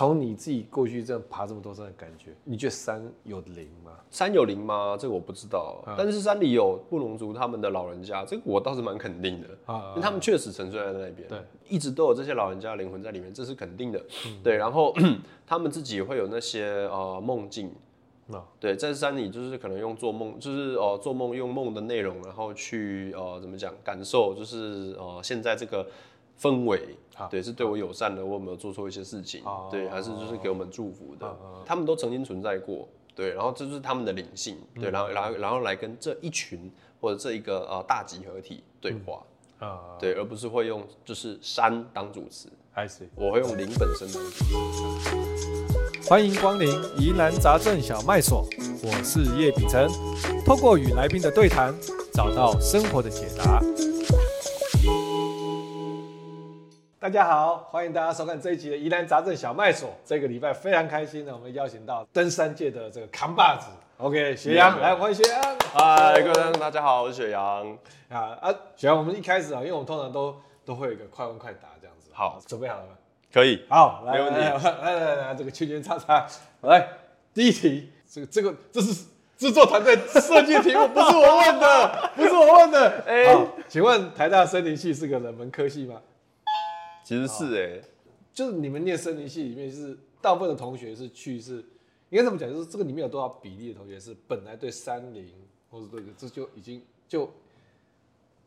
從你自己過去這樣爬這麼多山的感覺，你覺得山有靈嗎？山有靈嗎？這個我不知道、啊，但是山裡有布農族他們的老人家，這個我倒是蠻肯定的啊，因為他們確實沉睡在那邊，對，一直都有這些老人家的靈魂在裡面，這是肯定的。嗯、對，然後咳咳他們自己會有那些呃夢境，啊，對，在山裡就是可能用做夢，就是呃做夢用夢的內容，然後去呃怎麼講感受，就是呃現在這個。氛圍，對，是對我友善的，我有沒有做錯一些事情，啊，對，還是就是給我們祝福的，啊啊啊，他們都曾經存在過，對，然後這就是他們的靈性，對，嗯、然後然後然後來跟這一群或者這一個呃、啊、大集合體對話，嗯，啊，對，而不是會用就是山當主持，啊，是我會用靈本身本主持，啊。歡迎光臨疑難雜症小賣所，我是葉丙成，透過與來賓的對談，找到生活的解答。大家好，歡迎大家收看這一集的疑難雜症小賣所。這個禮拜非常開心呢，我們邀請到登山界的這個扛把子，OK，雪羊，來，雪羊歡迎雪羊。嗨，各位觀眾大家好，我是雪羊。啊啊，雪羊，我們一開始啊，因為我們通常都都會有一個快問快答這樣子。好，準備好了嗎？可以。好，來沒問題。來來來、來、來、來、來、來、來，這個圈圈叉叉、叉叉，來第一題，這個這個這是制作團隊設計的題目， 不是我問的，不是我問的、欸。好，請問台大森林系是個冷門科系嗎？其實是哎、欸哦，就是你們念森林系裡面是大部分的同學是去是，應該這麼講？就是這個裡面有多少比例的同學是本來對森林或者對、這個、這就已經就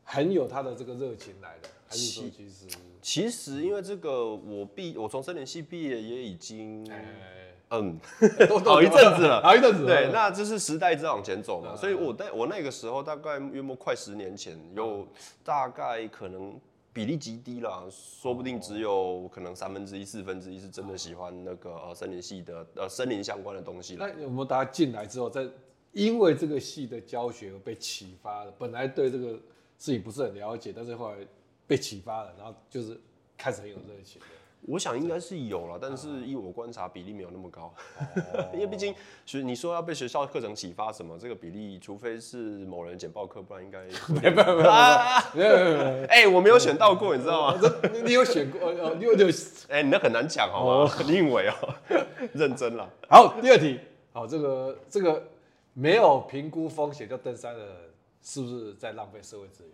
很有他的這個熱情來的？其實其實因為這個我畢我從森林系畢業也已經欸欸欸欸嗯、欸、都都都都都好一陣子了， 好一陣子。對，那這是時代在往前走嘛，所以我在我那個時候大概約莫快十年前，有大概可能。比例極低了，說不定只有可能三分之一、四分之一是真的喜歡那個、啊、呃森林系的呃森林相關的東西了。那我們大家進來之後，在因為這個系的教學而被啟發了，本來對這個事情不是很了解，但是後來被啟發了，然後就是開始很有熱情 我想應該是有了，但是依我觀察比例沒有那麼高，哦、因為畢竟學，所以你說要被學校課程啟發什麼，這個比例，除非是某人簡報課，不然應該沒辦法，沒有沒有，哎，我沒有選到過，你知道嗎？你有選過，你有又，哎、 欸，你那很難搶哦，很 應為哦、喔， 認真了。好，第二題，好，這個這個沒有評估風險就登山的人是不是在浪費社會資源？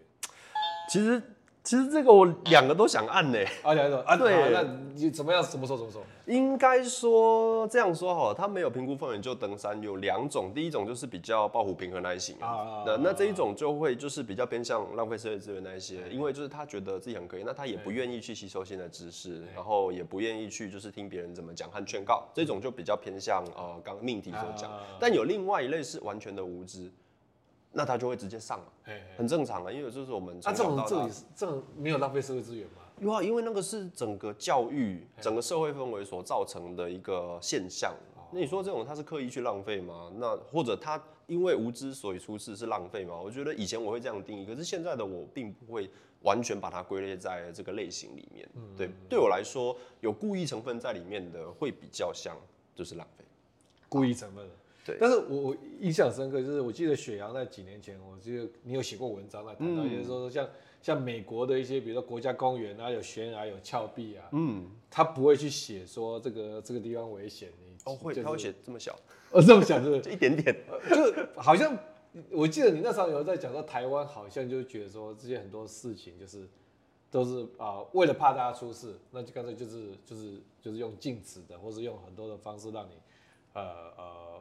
其實。其實這個我兩個都想按呢、欸啊，啊兩個啊對、啊，那你怎麼樣？怎麼說？怎麼說？應該說這樣說好了，他沒有評估風險就登山，有兩種，第一種就是比較抱負、平衡、那一型啊，那、啊、那這一種就會就是比較偏向浪費社會資源那一些，因為就是他覺得自己很可以，那他也不願意去吸收新的知識，然後也不願意去就是聽別人怎麼講和勸告，這種就比較偏向呃剛命題所講、啊，但有另外一類是完全的無知。那他就會直接上了、啊，很正常啊，因為這是我們大。那、啊、這種這裡這種沒有浪費社會資源嗎？因為那個是整個教育、整個社會氛圍所造成的一個現象、哦。那你說這種他是刻意去浪費嗎？那或者他因為無知所以出事是浪費嗎？我覺得以前我會這樣定義，可是現在的我並不會完全把它歸類在這個類型裡面。嗯嗯嗯對，對我來說有故意成分在裡面的會比較像就是浪費，故意成分、啊。啊但是我印象深刻，就是我記得雪羊在幾年前，我記得你有寫過文章來談到，就是說像像美國的一些，比如說國家公園啊，有懸崖有峭壁啊，嗯，他不會去寫說這個這個地方危險的。哦，會，他會寫這麼小，哦，這麼小是不是， 就一點點， 就是好像我記得你那時候有在講到台灣，好像就覺得說這些很多事情就是都是啊、呃，為了怕大家出事，那就乾脆就是，就是就是就是用禁止的，或是用很多的方式讓你呃呃。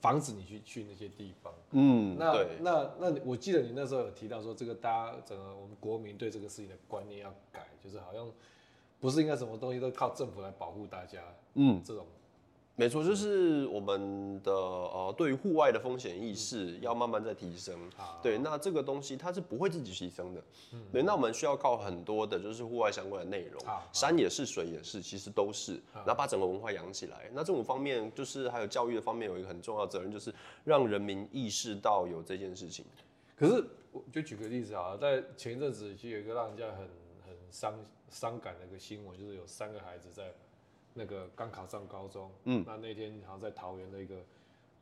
防止你去去那些地方，嗯，那那那，那我記得你那時候有提到說，這個大家整個我們國民對這個事情的觀念要改，就是好像不是應該什麼東西都靠政府來保護大家，嗯，這種。沒錯，就是我們的、嗯、呃，對於戶外的風險意識、嗯、要慢慢在提升啊啊。對，那這個東西它是不會自己提升的嗯嗯。對，那我們需要靠很多的就是戶外相關的內容啊啊。山也是，水也是，其實都是。然後把整個文化養起來啊啊，那這種方面就是還有教育的方面有一個很重要的責任，就是讓人民意識到有這件事情。嗯、可是我就舉個例子啊，在前一陣子其實有一個讓人家很很傷傷感的一個新聞，就是有三個孩子在。那個剛考上高中，嗯，那那天好像在桃園那個，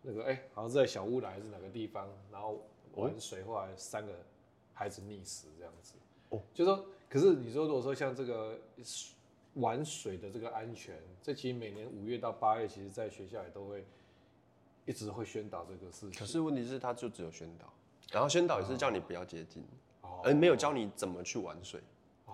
那個哎、欸，好像在小烏來還是哪個地方，然後玩水，後來三個孩子溺死這樣子。哦，就說，可是你說如果說像這個玩水的這個安全，嗯、這其實每年五月到八月，其實在學校也都會一直會宣導這個事情。可是問題是，他就只有宣導，然後宣導也是叫你不要接近，嗯、而沒有教你怎麼去玩水。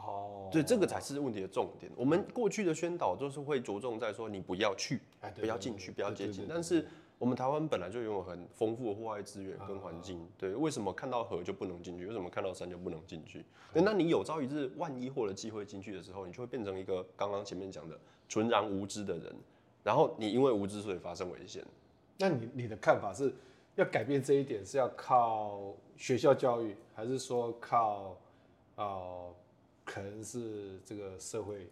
哦，對，這個才是問題的重點。我們過去的宣導都是會着重在說你不要去，不要進去，不要接近。哎、對對對，但是我們台灣本來就擁有很豐富的戶外資源跟環境，嗯，對？為什麼看到河就不能進去？為什麼看到山就不能進去？那，那你有朝一日萬一獲得機會進去的時候，你就會變成一個剛剛前面講的純然無知的人。然後你因為無知，所以發生危險。那你你的看法是要改變這一點，是要靠學校教育，還是說靠哦？呃可能是這個社會，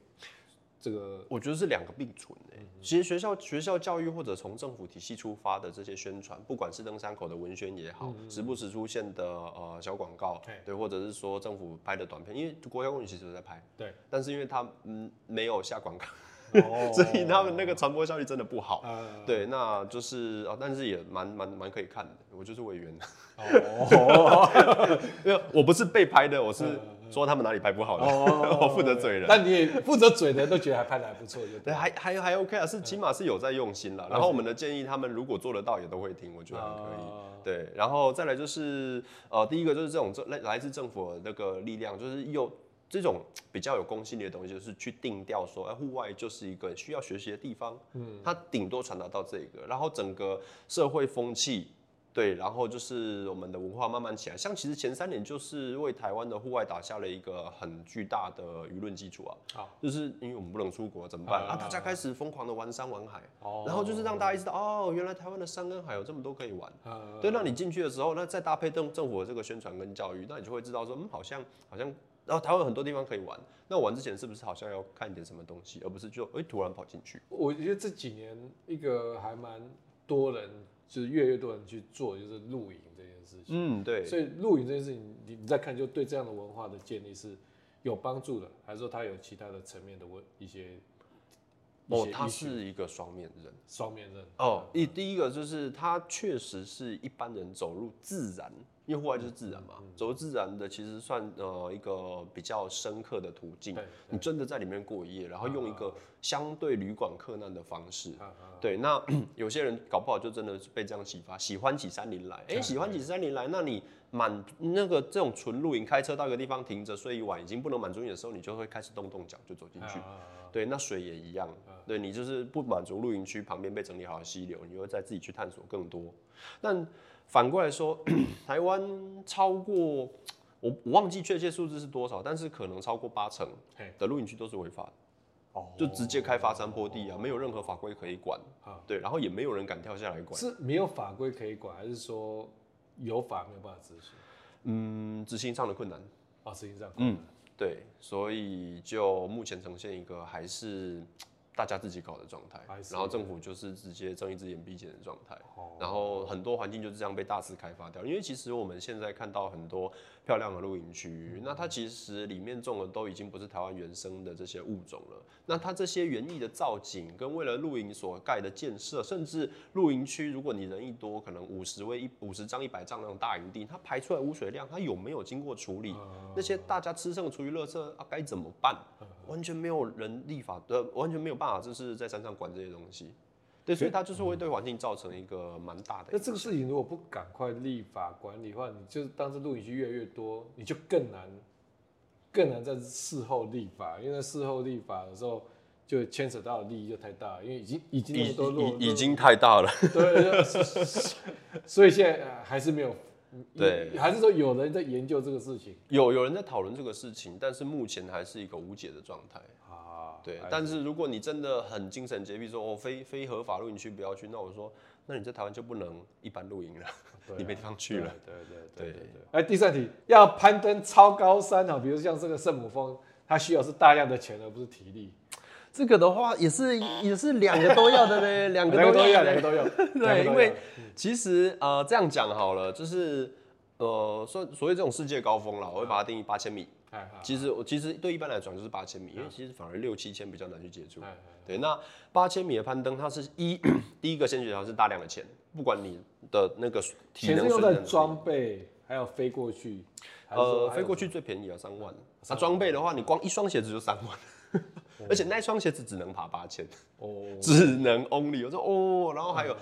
這個我覺得是兩個並存的、欸嗯。其實學校學校教育，或者從政府體系出發的這些宣傳，不管是登山口的文宣也好，嗯、時不時出現的呃小廣告，對、對，或者是說政府拍的短片，因為國家公園其實都在拍，對。但是因為他嗯沒有下廣告，哦、 所以他們那個傳播效率真的不好。嗯、對，那就是哦，但是也蠻蠻蠻可以看的。我就是委員，哦，因 哈我不是被拍的，我是。嗯說他們哪裡拍不好了，oh, 我負責嘴的。但你也負責嘴的人，都覺得還拍得還不錯， 對，還還還 OK 啊，是起碼是有在用心了、嗯。然後我們的建議，他們如果做得到，也都會聽，我覺得可以、嗯。對，然後再來就是呃，第一個就是這種，這種來來自政府的那個力量，就是有這種比較有公信力的東西，就是去定調說，哎，戶外就是一個需要學習的地方。嗯，它頂多傳達到這個，然後整個社會風氣。對，然後就是我們的文化慢慢起來，像其實前三年就是為台灣的戶外打下了一個很巨大的輿論基礎啊。好、哦，就是因為我們不能出國，怎麼辦、嗯、啊？大家開始瘋狂的玩山玩海、哦，然後就是讓大家知道，哦，原來台灣的山跟海有這麼多可以玩。嗯、對，那你進去的時候，那再搭配政政府的這個宣傳跟教育，那你就會知道說，嗯，好像好像，然後、啊、台灣很多地方可以玩。那玩之前是不是好像要看點什麼東西，而不是就哎突然跑進去？我覺得這幾年一個還蠻多人，就是越來越多人去做，就是露營這件事情。嗯，對。所以露營這件事情，你你再看，就對這樣的文化的建立是有幫助的，還是說它有其他的層面的問一些？哦，他是一個雙面人。雙面人哦，一、嗯、第一個就是他確實是一般人走入自然，因為戶外就是自然嘛，嗯嗯、走入自然的其實算呃一個比較深刻的途徑。你真的在裡面過一夜，然後用一個相對旅館客難的方式，對。對對對那有些人搞不好就真的是被這樣啟發，喜歡起山林來。哎、欸，喜歡起山林來，那你。滿那個這種純露營，開車到一個地方停着睡一晚，已經不能滿足你的時候，你就會開始動動腳就走進去啊啊啊啊啊啊。對，那水也一樣，啊啊對你就是不滿足露營區旁邊被整理好的溪流，你會再自己去探索更多。但反過來說， 台灣超過我我忘記確切數字是多少，但是可能超過八成的露營區都是違法的，就直接開發山坡地啊，啊啊啊沒有任何法規可以管，啊。對，然後也沒有人敢跳下來管。是沒有法規可以管，還是說？有法沒有辦法執行，嗯，執行上的困難啊，哦、執行上困難，嗯，對，所以就目前呈現一個還是大家自己搞的狀態、啊，然後政府就是直接睜一隻眼閉一隻眼的狀態、哦，然後很多環境就是這樣被大肆開發掉，因為其實我們現在看到很多。漂亮的露營區、嗯，那它其實裡面種的都已經不是台灣原生的這些物種了。那它這些園藝的造景，跟為了露營所蓋的建設，甚至露營區，如果你人一多，可能五十位、一五十張一百張那種大營地，它排出來污水量，它有沒有經過處理？嗯、那些大家吃剩的廚餘垃圾啊，該怎麼辦？完全沒有人立法，的完全沒有辦法，就是在山上管這些東西。對，所以它就是會對環境造成一個蠻大的、嗯。那這個事情如果不趕快立法管理的話，你就當時錄影機越來越多，你就更難，更難在事後立法，因為在事後立法的時候就牽扯到的利益就太大了，因為已經已經都路已，已，已經太大了。 對，所以現在還是沒有對。對，還是說有人在研究這個事情？有有人在討論這個事情，但是目前還是一個無解的狀態。啊。對，但是如果你真的很精神潔癖說，說哦，非非合法露營區不要去，那我說，那你在台灣就不能一般露營了，啊、 你沒地方去了。對對對對對，對，對，對。哎、欸，第三題，要攀登超高山哈，比如像這個聖母峰，它需要是大量的錢，而不是體力。這個的話也，也是也是兩個都要的呢，兩 個都要，兩 個，個都要。對，因為其實呃這樣講好了，就是呃，所所謂這種世界高峰啦、嗯，我會把它定義八千米。其實我其實對，一般來講就是八千米，嗯，因為其實反而六七千比較難去接觸，嗯。對，嗯、那八千米的攀登，它是一 第一個先決條是大量的錢，不管你的那個體能。是用裝備，還有飛過去。呃，飛過去最便宜啊，三萬。那、啊、裝、啊啊啊、備的話，你光一雙鞋子就三萬， 而且那一雙鞋子只能爬八千，只能 only 我說哦，然後還有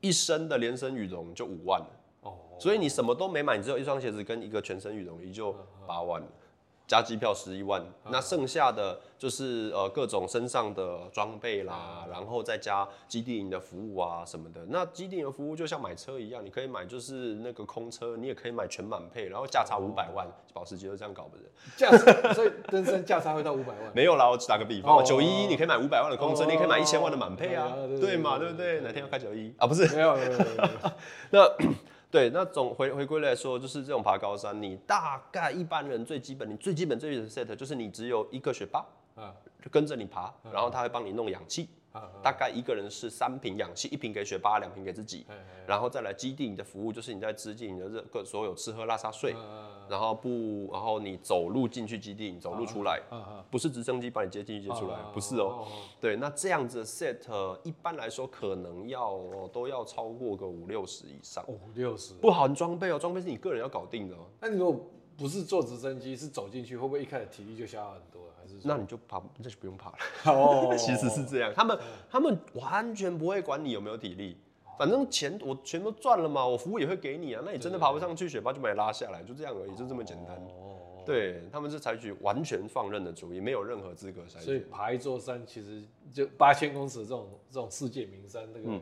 一身的連身羽絨就五萬哦，oh、所以你什麼都沒買，你只有一雙鞋子跟一個全身羽絨衣就八萬了。Oh 嗯嗯加機票十一萬，啊，那剩下的就是呃各種身上的裝備啦，啊，然後再加基地營的服務啊什麼的。那基地營的服務就像買車一樣，你可以買就是那個空車，你也可以買全滿配，然後價差五百萬，哦，保時捷都這樣搞不是？價差？ 所以本身價差會到五百萬。沒有啦，我打個比方，九一一你可以買五百萬的空車，哦，你可以買一千萬的滿配啊，哎，對，對，對，對嘛，對不對？對、對、對、對、對，哪天要開九一一？啊，不是，沒有，沒有， 那。對，那總回回歸來說，就是這種爬高山，你大概一般人最基本，你最基本最基本的 set 就是你只有一個雪巴，嗯，就跟着你爬，然後他會幫你弄氧氣。 大概一個人是三瓶氧氣，一瓶給雪巴，兩瓶給自己嘿嘿、啊，然後再來基地你的服務，就是你在資金你的熱，所有吃喝拉撒睡，然後不，然後你走路進去基地，你走路出來，音 mattel cup 不是直升機把你接進去接出來， 不是哦。對，那這樣子的 set，一般來說可能要都要超過個五六十以上。五六十，不含裝備哦，裝備是你個人要搞定的。那你如果不是坐直升機，是走進去，會不會一開始體力就消耗很多了？還是那你就爬，那就不用爬了。 其實是這樣，他們他們完全不會管你有沒有體力，反正錢我全都賺了嘛，我服務也會給你啊。那你真的爬不上去，雪巴就把你拉下來，就這樣而已，就這麼簡單。哦，對，他們是採取完全放任的主義，沒有任何資格取。所以爬一座山，其實就八千公尺的這種這種世界名山，這、那個、嗯、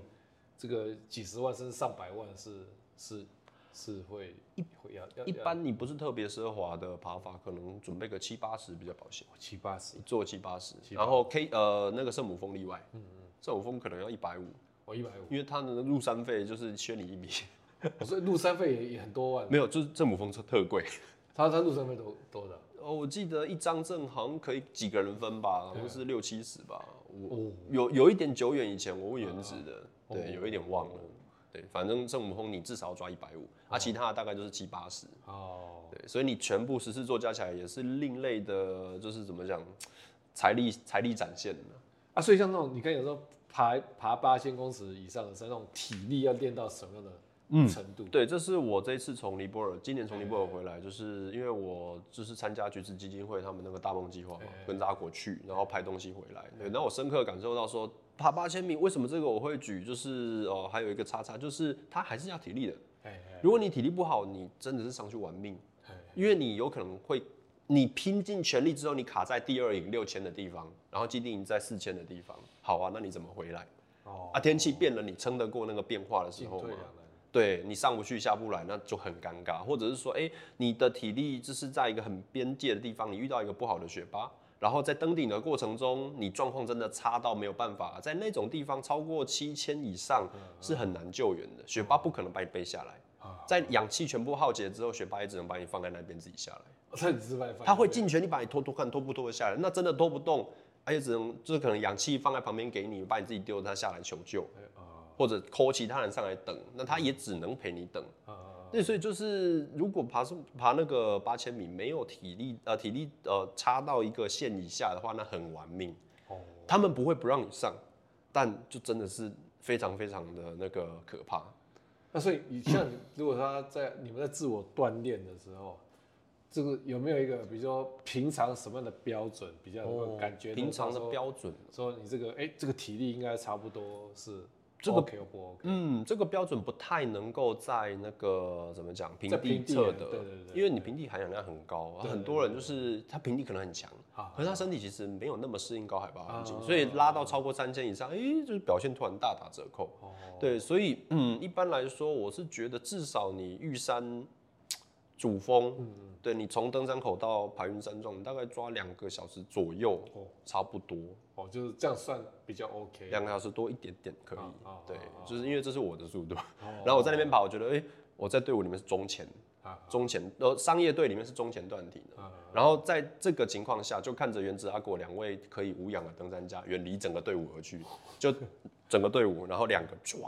這個幾十萬甚至上百萬是是。是會一會要一般，你不是特別奢華的爬法、嗯，可能準備個七八十比較保險、哦。七八十，做七八十,七八十，然後 K 呃那個聖母峰例外，嗯嗯，聖母峰可能要一百五。哦，一百五，因為它的入山費就是缺你一筆。不、哦、是，入山費也也很多萬、啊。沒有，就是聖母峰是特貴，它單入山費都多的。哦，我記得一張證好像可以幾個人分吧，好像、啊、是六七十吧。我、哦、有有一點久遠，以前我務原子的，啊、對、哦，有一點忘了。哦對，反正聖母峰你至少要抓一百五，啊，其他的大概就是七八十哦。對，所以你全部十四座加起來也是另類的，就是怎麼講，財力財力展現的啊。所以像那種你看有時候爬爬八千公尺以上的山，那種體力要練到什麼樣的程度？嗯、對，這是我這一次從尼泊爾，今年從尼泊爾回來、欸，就是因為我就是參加橘子基金會他們那個大夢計劃，跟着阿果去，然後拍東西回來。對，那我深刻感受到說。爬八千米，為什麼這個我會舉？就是哦，還有一個叉叉，就是它還是要體力的。Hey, hey, hey, 如果你體力不好，你真的是上去玩命。Hey, hey, 因為你有可能會，你拼盡全力之後，你卡在第二營六千的地方，然後基地營在四千的地方。好啊，那你怎麼回來？哦，啊，天氣變了，哦、你撐得過那個變化的時候嗎？對啊、對，你上不去下不來，那就很尷尬。或者是說，哎、欸，你的體力就是在一個很邊界的地方，你遇到一個不好的雪崩。然後在登頂的過程中，你狀況真的差到沒有辦法，在那種地方超過七千以上是很難救援的，雪巴不可能把你背下來，在氧氣全部耗竭之後，雪巴也只能把你放在那邊自己下來。它、啊、他，他會盡全力把你拖拖看拖不拖得下來，那真的拖不動，而且只能就是可能氧氣放在旁邊給你，把你自己丟他下來求救。或者 call 其他人上來等，那他也只能陪你等。啊那所以就是，如果爬是爬那個八千米，沒有體力呃體力呃差到一個線以下的話，那很玩命。哦。他們不會不讓你上，但就真的是非常非常的那個可怕。那、啊、所以你像你如果他在你們在自我鍛鍊的時候，這個有沒有一個，比如說平常什麼樣的標準比較有沒有感覺？平常的標準，就是、說你這個哎、欸、這個體力應該差不多是。這個 OK，嗯、OK，這個標準不太能夠在那個怎麼講平地測的，對對對，因為你平地含氧量很高，對對對對對，很多人就是他平地可能很強，對對對對對，可是他身體其實沒有那麼適應高海拔環境、啊，所以拉到超過三千以上，誒、啊哎，就是表現突然大打折扣。哦，對，所以嗯，一般來說，我是覺得至少你玉山。主峰，嗯嗯對你從登山口到排雲山莊，你大概抓兩個小時左右、哦，差不多，哦，就是這樣算比較 OK，兩、啊、個小時多一點點可以，啊、對、啊，就是因為這是我的速度，啊、然後我在那邊跑，我覺得，哎、欸，我在隊伍裡面是中前，啊,啊，中前，呃，商業隊裡面是中前段體啊啊啊然後在這個情況下，就看着元植阿果兩位可以無氧的登山家遠離整個隊伍而去，就整個隊伍， 然後兩個抓。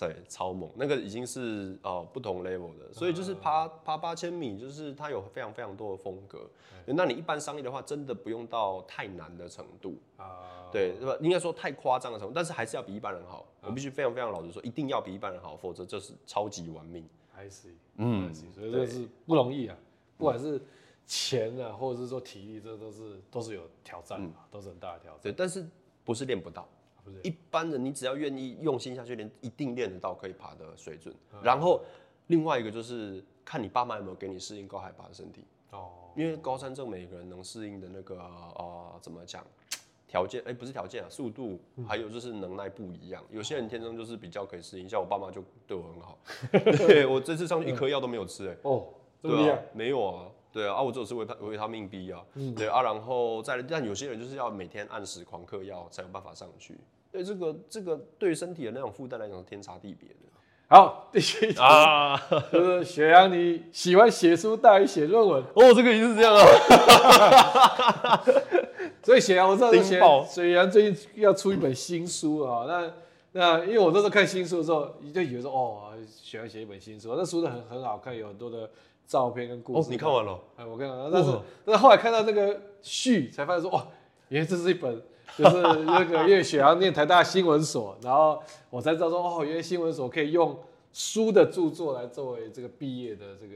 對，超猛，那個已經是、哦、不同 level 的、嗯，所以就是爬爬八千米，就是它有非常非常多的風格。那你一般商業的話，真的不用到太難的程度、嗯、對，是吧？應該說太誇張的程度，但是還是要比一般人好、嗯。我必須非常非常老實說，一定要比一般人好，否則就是超級玩命。還、啊、行，嗯、啊，所以這是不容易啊，不管是錢啊，或者是說體力，這都是都是有挑戰嘛、嗯，都是很大的挑戰。對，但是不是練不到。不是一般人，你只要願意用心下去練，一定練得到可以爬的水準、嗯。然後，另外一個就是看你爸媽有沒有給你適應高海拔的身體哦，因為高山症每個人能適應的那個呃，怎麼講，條件哎、欸，不是條件啊，速度、嗯、還有就是能耐不一樣。有些人天生就是比較可以適應，像我爸媽就對我很好， 對，我這次上去一顆藥都沒有吃哎、欸、哦，對啊，沒有啊。對啊，啊我就是維他維他命 B 啊、嗯，對啊，然後再但有些人就是要每天按時狂嗑藥才有辦法上去，對，這個這個對身體的那種負擔來講是天差地別的。好，謝謝啊，就是雪羊你喜歡寫書大於寫論文哦，這個也是這樣啊， 所以雪羊我知道你寫雪雪羊最近要出一本新書啊，那那因為我那時候看新書的時候就以為說哦雪羊寫一本新書，那書很很好看，有很多的。照片跟故事。哦，你看完了？哦。哎、嗯，我看完了，但是但是後來看到那個序，才發現說，哇，原來這是一本，就是那個葉雪羊念台大新聞所，然後我才知道說，哦，原來新聞所可以用書的著作來作為這個畢業的這個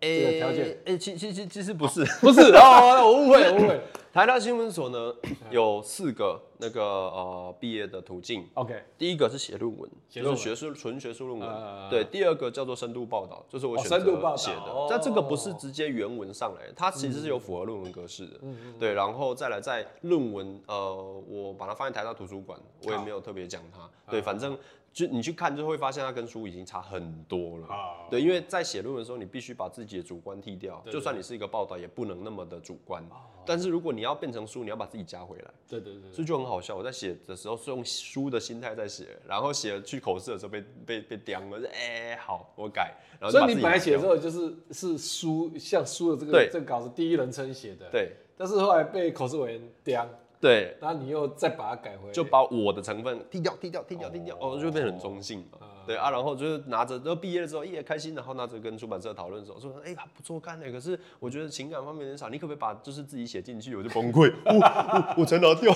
這個條件。哎、欸，其其其其實不是，不是，哦，我誤會，我誤會。台大新聞所呢，有四個那個呃畢業的途徑。OK，第一個是寫論文，寫論文，就是學術純學術論文啊啊啊啊。對，第二個叫做深度報道，就是我選的、哦。深度報道。但這個不是直接原文上來的，它其實是有符合論文格式的、嗯。對，然後再來在論文呃，我把它放在台大圖書館，我也沒有特別講它、啊。對，反正就你去看就會發現它跟書已經差很多了。啊，啊，啊。對，因為在寫論文的時候，你必須把自己的主觀剔掉，啊、就算你是一個報道，也不能那麼的主觀。啊啊啊但是如果你你要變成書，你要把自己加回來。對對對，對,對，所以就很好笑。我在寫的時候是用書的心態在寫，然後寫去口試的時候被被被叼了。哎、欸，好，我改。然後所以你本來寫的時候就是是書，像書的這個這個稿子第一人稱寫的。對。但是後來被口試委員叼對。然後你又再把它改回來。就把我的成分剔掉，剔掉，剔掉，剔掉，剃掉哦。哦，就變成中性嘛。哦對啊，然後就是拿着，然後畢業了之後也開心，然後拿着跟出版社討論的時候，說：“哎、欸、呀，不錯看嘞，可是我覺得情感方面很少，你可不可以把就是自己寫進去？”我就崩潰， 我我我全拿掉，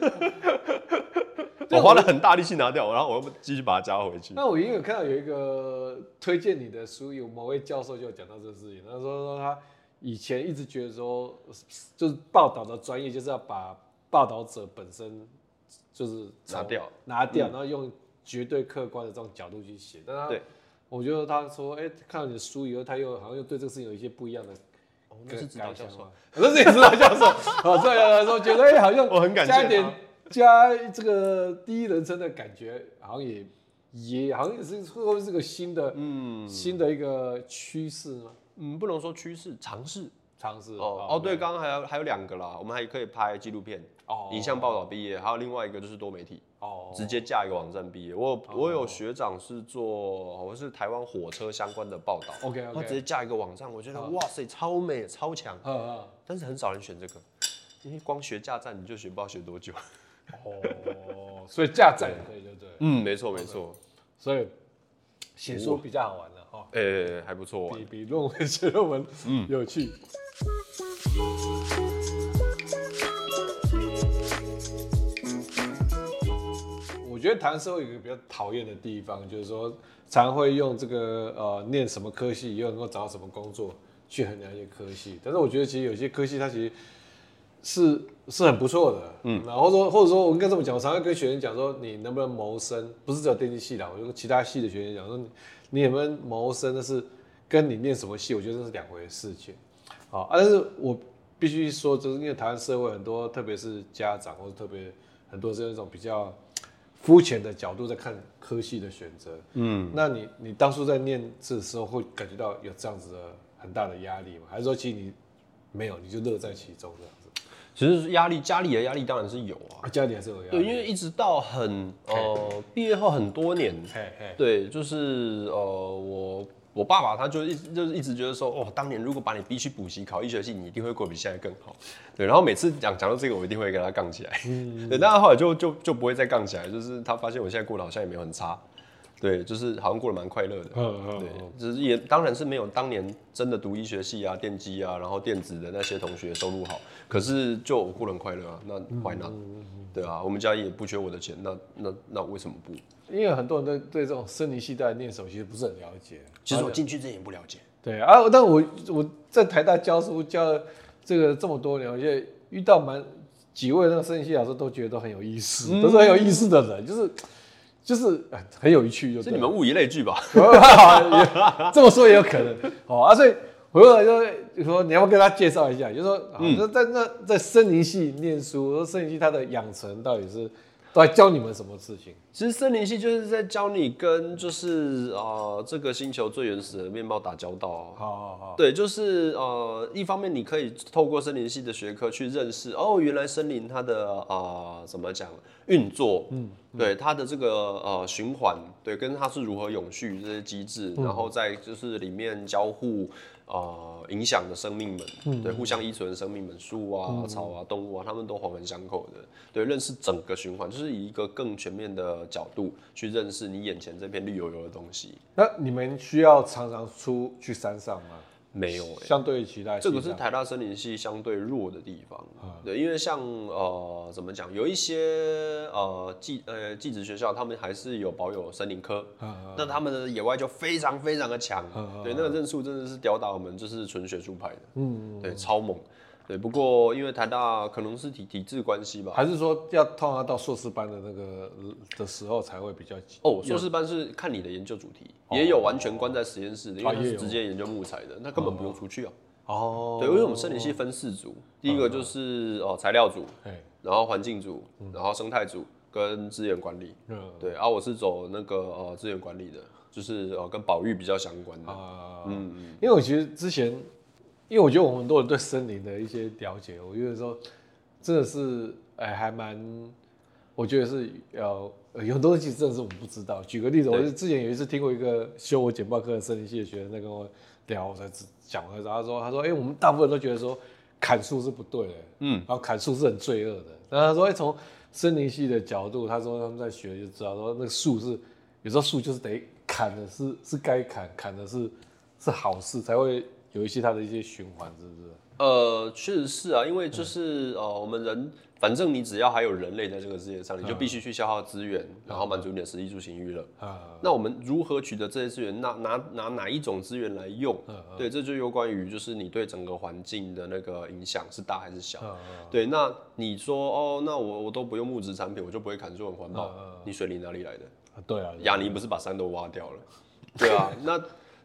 我花了很大力氣拿掉，然後我又繼續把它加回去。那我因為看到有一個推薦你的書，有某位教授就講到這個事情，他說說他以前一直覺得說，就是報道的專業就是要把報道者本身就是擦掉拿掉，拿掉、嗯，然後用。絕對客觀的這種角度去寫，但他，對，我覺得他說，哎、欸，看了你的書以後，他又好像又對這個事情有一些不一樣的，哦，那是指導教授，那是也是指導教授啊，這樣來說，覺得哎，好像，我很感謝，加一點加這個第一人稱的感覺，好像也也好像也是會不會是個新的嗯新的一個趨勢呢？嗯，不能說趨勢，嘗試嘗試哦哦，對，剛剛還有還有兩個啦，我們還可以拍紀錄片。影、oh. 像報道畢業，還有另外一個就是多媒體，哦、oh.，直接架一個網站畢業。我、oh. 我有學長是做，我是台灣火車相關的報道，OK 他、okay. 直接架一個網站，我覺得、uh. 哇塞，超美，超強，uh -huh. 但是很少人選這個，因為光學架站，你就學不知道學多久。哦、oh. 所以架站，對,對對對，嗯，沒錯沒錯、嗯。所以寫書比較好玩了哈，誒、呃嗯、還不錯，比比論文寫論文，嗯，有趣。我覺得台灣社會，有一個比較討厭的地方，就是說常會用這個呃念什麼科系，又能夠找到什麼工作去衡量一些科系。但是我覺得其實有些科系它其實是是很不錯的，嗯，然後說或者說我應該這麼講，我常常跟學生講說，你能不能謀生，不是只有電機系啦，我就跟其他系的學生講說你，你能不能謀生，那是跟你念什麼系，我覺得這是兩回事情。好，啊，但是我必須說，就是因為台灣社會很多，特別是家長或者特別很多是那種比較。膚淺的角度在看科系的選擇，嗯，那你你當初在念這個時候，會感覺到有這樣子的很大的壓力嗎？還是說其實你沒有，你就樂在其中這樣子？其實壓力，家裡的壓力當然是有啊，家裡還是有壓力。對，因為一直到很呃畢業後很多年，嘿嘿對，就是呃我。我爸爸他就一直就是一直覺得說，哦，當年如果把你逼去補習考醫學系，你一定會過比現在更好。對，然後每次講講到這個，我一定會跟他槓起來。嗯、 對，但後來就就就不會再槓起來，就是他發現我現在過得好像也沒有很差，對，就是好像過得蠻快樂的呵呵呵。對，就是也當然是沒有當年真的讀醫學系啊、電機啊，然後電子的那些同學收入好，可是就我過得很快樂啊，那 why not、嗯嗯嗯、對啊，我們家也不缺我的錢，那那那為什麼不？因為很多人都對這種森林系的念書，其實不是很了解，其實我進去之前也不了解。對啊，但我我在台大教書教了這個這麼多年，我覺得，遇到蠻幾位那個森林系老師都覺得都很有意思，嗯、都是很有意思的人，就是就是很有趣，就。是你們物以類聚吧？ 這麼說也有可能。 啊，所以我說說你要不要跟他介紹一下，就是、說那、嗯、在那在森林系念書，森林系它的養成到底是。在教你們什麼事情？其實森林系就是在教你跟就是啊、呃、這個星球最原始的面貌打交道、啊。好，好，好。對，就是呃一方面你可以透過森林系的學科去認識哦，原來森林它的啊、呃、怎麼講運作嗯？嗯，對，它的這個呃循環，對，跟它是如何永續這些機制，嗯、然後在就是裡面交互。呃，影響的生命們、嗯，對，互相依存的生命們，樹啊、嗯、草啊、動物啊，他們都環環相扣的。對，認識整個循環，就是以一個更全面的角度去認識你眼前這片綠油油的東西。那你們需要常常出去山上嗎？沒有、欸，相對於其他這個是台大森林系相對弱的地方，啊、對，因為像呃，怎麼講，有一些呃，技呃，技職學校，他們還是有保有森林科，那、啊、他們的野外就非常非常的強，啊、對、啊，那個人數真的是吊打我們，就是純學術派的，嗯，嗯，嗯，對，超猛。對，不過因為台大可能是體體制關係吧，還是說要套他到碩士班的那個的時候才會比較急哦、oh,。碩士班是看你的研究主題，oh, 也有完全關在實驗室的，oh. 因為你是直接研究木材的，oh. 那根本不用出去哦、啊。Oh. 對，因為我們生理系分四組，oh. 第一個就是、oh. 哦，材料組，oh. 然後環境組，oh. 然後生態組跟資源管理，oh. 對，然、啊、我是走那個哦、呃、資源管理的，就是、呃、跟保育比較相關的啊，oh. 嗯，因為我其實之前。因為我覺得我們很多人對森林的一些了解，我覺得說真的是，哎，還蠻，我覺得是有，有很多東西真的是我們不知道。舉個例子，我之前有一次聽過一個修我簡報課的森林系的學生在跟我聊，我才知講完他說：“他說，哎、欸，我們大部分都覺得說砍樹是不對的，嗯，然後砍樹是很罪惡的。那他說，哎、欸，從森林系的角度，他說他們在學就知道，說那個樹是有時候樹就是得砍的是是該砍，砍的是是好事才會。”遊戲它的一些循環，是不是？呃，確實是啊，因為就是、嗯、呃，我們人，反正你只要還有人類在這個世界上，嗯、你就必須去消耗資源，然後滿足你的食衣住行育樂，嗯嗯嗯、那我們如何取得這些資源？那拿拿，拿哪一種資源來用，嗯嗯？對，這就有關於就是你對整個環境的那個影響是大還是小？嗯嗯嗯、對，那你說哦，那我我都不用木質產品，我就不會砍樹，很環保。你水泥哪裡來的？啊對啊，亞、啊、泥不是把山都挖掉了？對啊， 那。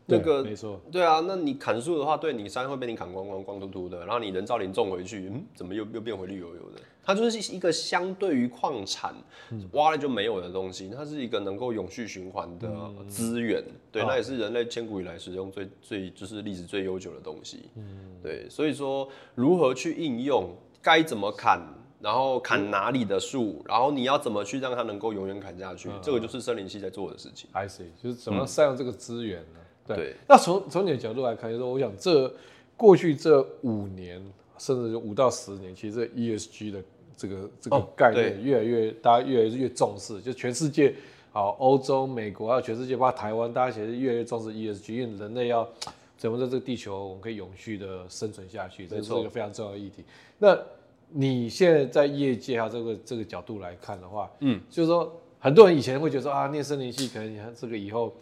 這、那個沒錯，對啊，那你砍樹的話，對你山會被你砍光光、光禿禿的，然後你人造林種回去，嗯，怎麼又又變回綠油油的？它就是一個相對於礦產，嗯、挖了就沒有的東西，它是一個能夠永續循環的資源，嗯、對、啊，那也是人類千古以來使用最最就是歷史最悠久的東西，嗯，對，所以說如何去應用，該怎麼砍，然後砍哪裡的樹，然後你要怎麼去讓它能夠永遠砍下去、嗯，這個就是森林系在做的事情。I see，就是怎麼善用這個資源呢？嗯嗯對，那從從你的角度來看，就是我想這過去這五年，甚至五到十年，其實這 ESG 的這個這個概念越來越、哦，大家越來越重視。就全世界，好、哦、歐洲、美國啊，還有全世界包括台灣，大家其實越來越重視 ESG，因為人類要怎麼在這個地球，我們可以永續的生存下去，這是一個非常重要的議題。那你現在在業界啊，這個這個角度來看的話，嗯，就是說很多人以前會覺得說啊，念森林系可能你看這個以後。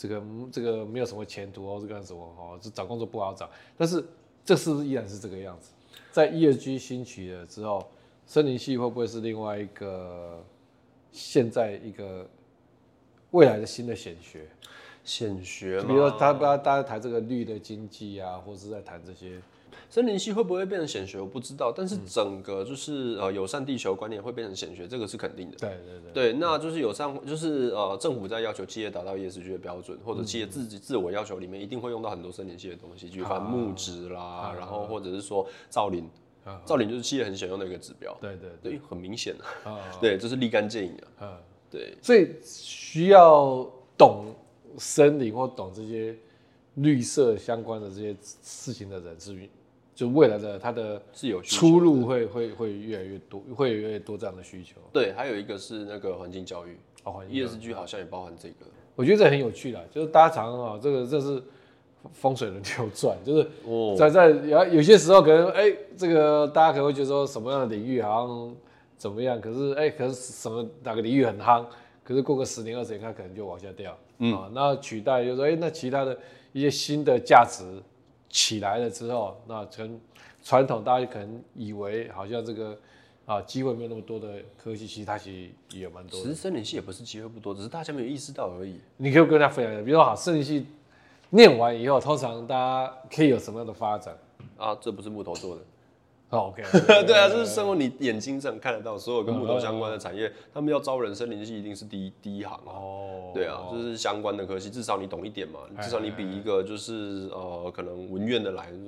這個這個沒有什麼前途哦，這幹什麼哦，就找工作不好找。但是這是不是依然是這個樣子？在 ESG 興起了之後，森林系會不會是另外一個現在一個未來的新的顯學？顯學，比如說他不，大家談這個綠的經濟啊，或是在談這些。森林系會不會變成顯學？我不知道。但是整個就是呃，友善地球觀念會變成顯學，這個是肯定的。對對對。對，那就是友善，就是呃，政府在要求企業達到 ESG 的標準，或者企業自己、嗯、自,自我要求裡面，一定會用到很多森林系的東西，比方木質啦、啊啊，然後或者是說造林。造、啊啊、林就是企業很想用的一個指標。對對對，對很明顯啊。啊。 對，這、就是立竿見影的、啊啊。對。所以需要懂森林或懂這些綠色相關的這些事情的人，至於。就未來的它的自有出路，會會會越來越多，會越來越多這樣的需求。對，還有一個是那個環境教育，哦，ESG 好像也包含這個。我覺得這很有趣的，就是大家常啊常、哦，這個，這是風水輪流轉，就是在在、哦、有有些時候可能哎、欸，這個大家可能會覺得說什麼樣的領域好像怎麼樣，可是哎、欸，可是什麼哪個領域很夯，可是過個十年二十年，它可能就往下掉，嗯，哦、那取代就是說哎、欸，那其他的一些新的價值。起來了之後，那從傳統大家可能以為好像這個啊機會沒有那麼多的科系，其實它其實也蠻多的。其實森林系也不是機會不多，只是大家沒有意識到而已。你可以跟大家分享一下，比如說哈，森林系念完以後，通常大家可以有什麼樣的發展啊？這不是木頭做的。哦、oh，OK，right, right, right 對啊，就是生活你眼睛上看得到，所有跟木頭相關的產業，他們要招人，森林系一定是第一第一行啊。哦，對啊，就是相關的科系，至少你懂一點嘛，至少你比一個就是呃，可能文院的來，就是，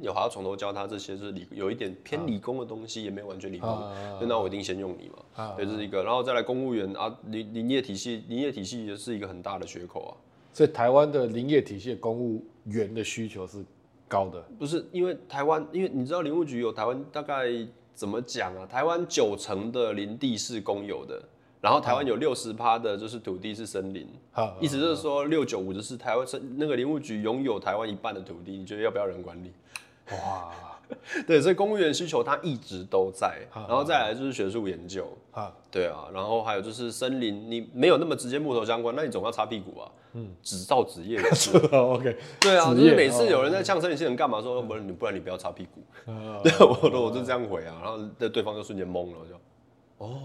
有還要從頭教他這些，就是理有一點偏理工的東西，也沒有完全理工，啊啊，那我一定先用你嘛。啊、對，這，就是一個，然後再來公務員啊，林林業體系，林業體系也是一個很大的缺口啊。所以台灣的林業體系的公務員的需求是高的，不是，因為台灣，因為你知道林務局有台灣，大概怎麼講啊？台灣九成的林地是公有的，然後台灣有六十趴的就是土地是森林。好、啊啊啊，意思就是說六九五就是台灣那個林務局擁有台灣一半的土地，你覺得要不要人管理？哇！對，所以公務員需求它一直都在、啊，然後再來就是學術研究，啊，對啊，然後還有就是森林，你沒有那麼直接木頭相關，那你總要擦屁股啊。嗯，造紙業，OK，對啊，就是每次有人在嗆森林系人幹嘛？說，哦、okay, 說不然你不然你不要擦屁股。對、哦，我都我就這樣回啊，然後對，對方就瞬間懵了，就，哦，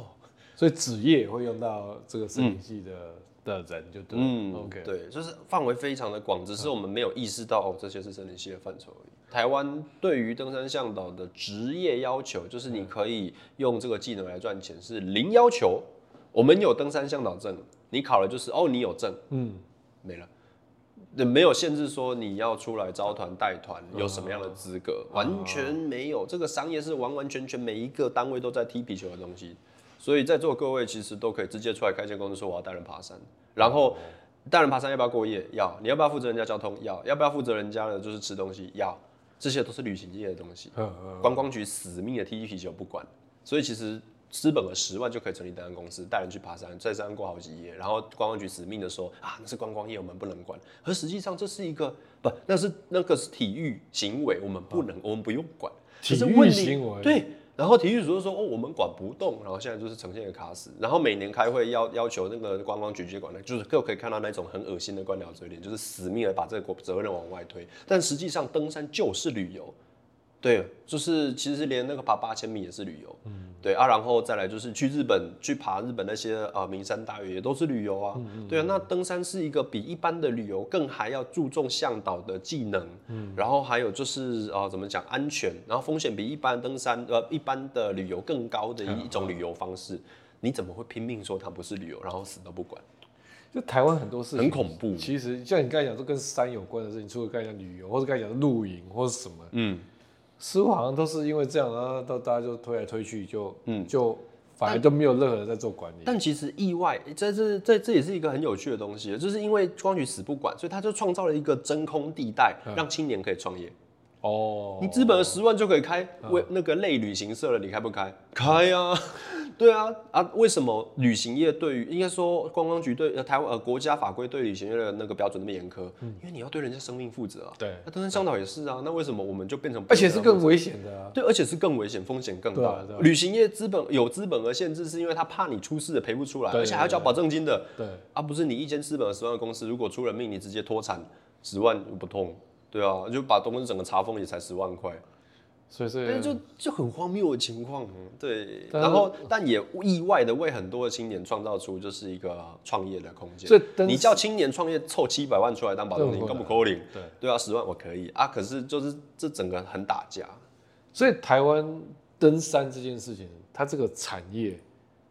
所以紙業也會用到這個森林系的的人、嗯、就對、嗯、，OK，對，就是範圍非常的廣，只是我們沒有意識到哦，這些是森林系的範疇而已。台灣對於登山向導的職業要求，就是你可以用這個技能來賺錢，是零要求。我們有登山向導證，你考了就是哦，你有證，嗯，沒了，也沒有限制說你要出來招團帶團有什麼樣的資格，嗯哦、完全沒有。這個商業是完完全全每一個單位都在踢皮球的東西，所以在座各位其實都可以直接出來開間公司說我要帶人爬山，然後帶人爬山要不要過夜？要，你要不要負責人家交通？要，要不要負責人家的就是吃東西？要。這些都是旅行業的東西，呵呵呵，觀光局死命的踢皮球不管，所以其實資本和十萬就可以成立登山公司，帶人去爬山，在山上過好幾夜，然後觀光局死命的說啊，那是觀光業，我們不能管，而實際上這是一個不，那是那個是體育行為，我們不能，我們不用管體育行為，對。然後體育署就說，哦，我們管不動。然後現在就是呈現一個卡死。然後每年開會要要求那個觀光局接管，就是各位可以看到那種很噁心的官僚嘴臉，就是死命的把這個責任往外推。但實際上，登山就是旅遊。對，就是其實連那個爬八千米也是旅遊，嗯，對啊，然後再來就是去日本去爬日本那些呃名山大岳也都是旅遊啊，嗯，對啊，那登山是一個比一般的旅遊更還要注重向導的技能，嗯，然後還有就是呃怎麼講安全，然後風險比一般登山呃一般的旅遊更高的一，一種旅遊方式，你怎麼會拼命說它不是旅遊然後死都不管？就台灣很多事情很恐怖，其實像你剛才講這跟山有關的事情，除了剛才講旅遊或者剛才講露營或者什麼，嗯。好像都是因為這樣，然後到大家就推來推去，就嗯，就反而都沒有任何人在做管理。但，但其實意外在這，在這，這也是一個很有趣的東西的，就是因為當局死不管，所以他就創造了一個真空地帶，嗯，讓青年可以創業。哦，你資本的十萬就可以開，嗯、為那個類旅行社了，你開不開？開呀、啊。嗯對啊啊，為什麼旅行業對於應該說觀光局對台呃台灣呃國家法規對旅行業的那個標準那麼嚴苛，嗯？因為你要對人家生命負責、啊、對，那登山向導也是啊，那為什麼我們就變成？而且是更危險的、啊。對，而且是更危險，風險更大、啊啊。旅行業資本有資本額限制，是因為他怕你出事了賠不出來對對對，而且還要交保證金的。對，對,對。而、啊、不是你一間資本額十萬個公司，如果出人命，你直接脫產，十萬不痛，對啊，就把東西整個查封，也才十萬塊。所以這，所但是就就很荒謬的情況、啊，對。然後，但也意外的為很多的青年創造出就是一個創業的空間。所你叫青年創業湊七百萬出來當保證金，根本不夠領。對，對啊，十萬我可以啊，可是就是這整個很打架。嗯、所以，台灣登山這件事情，它這個產業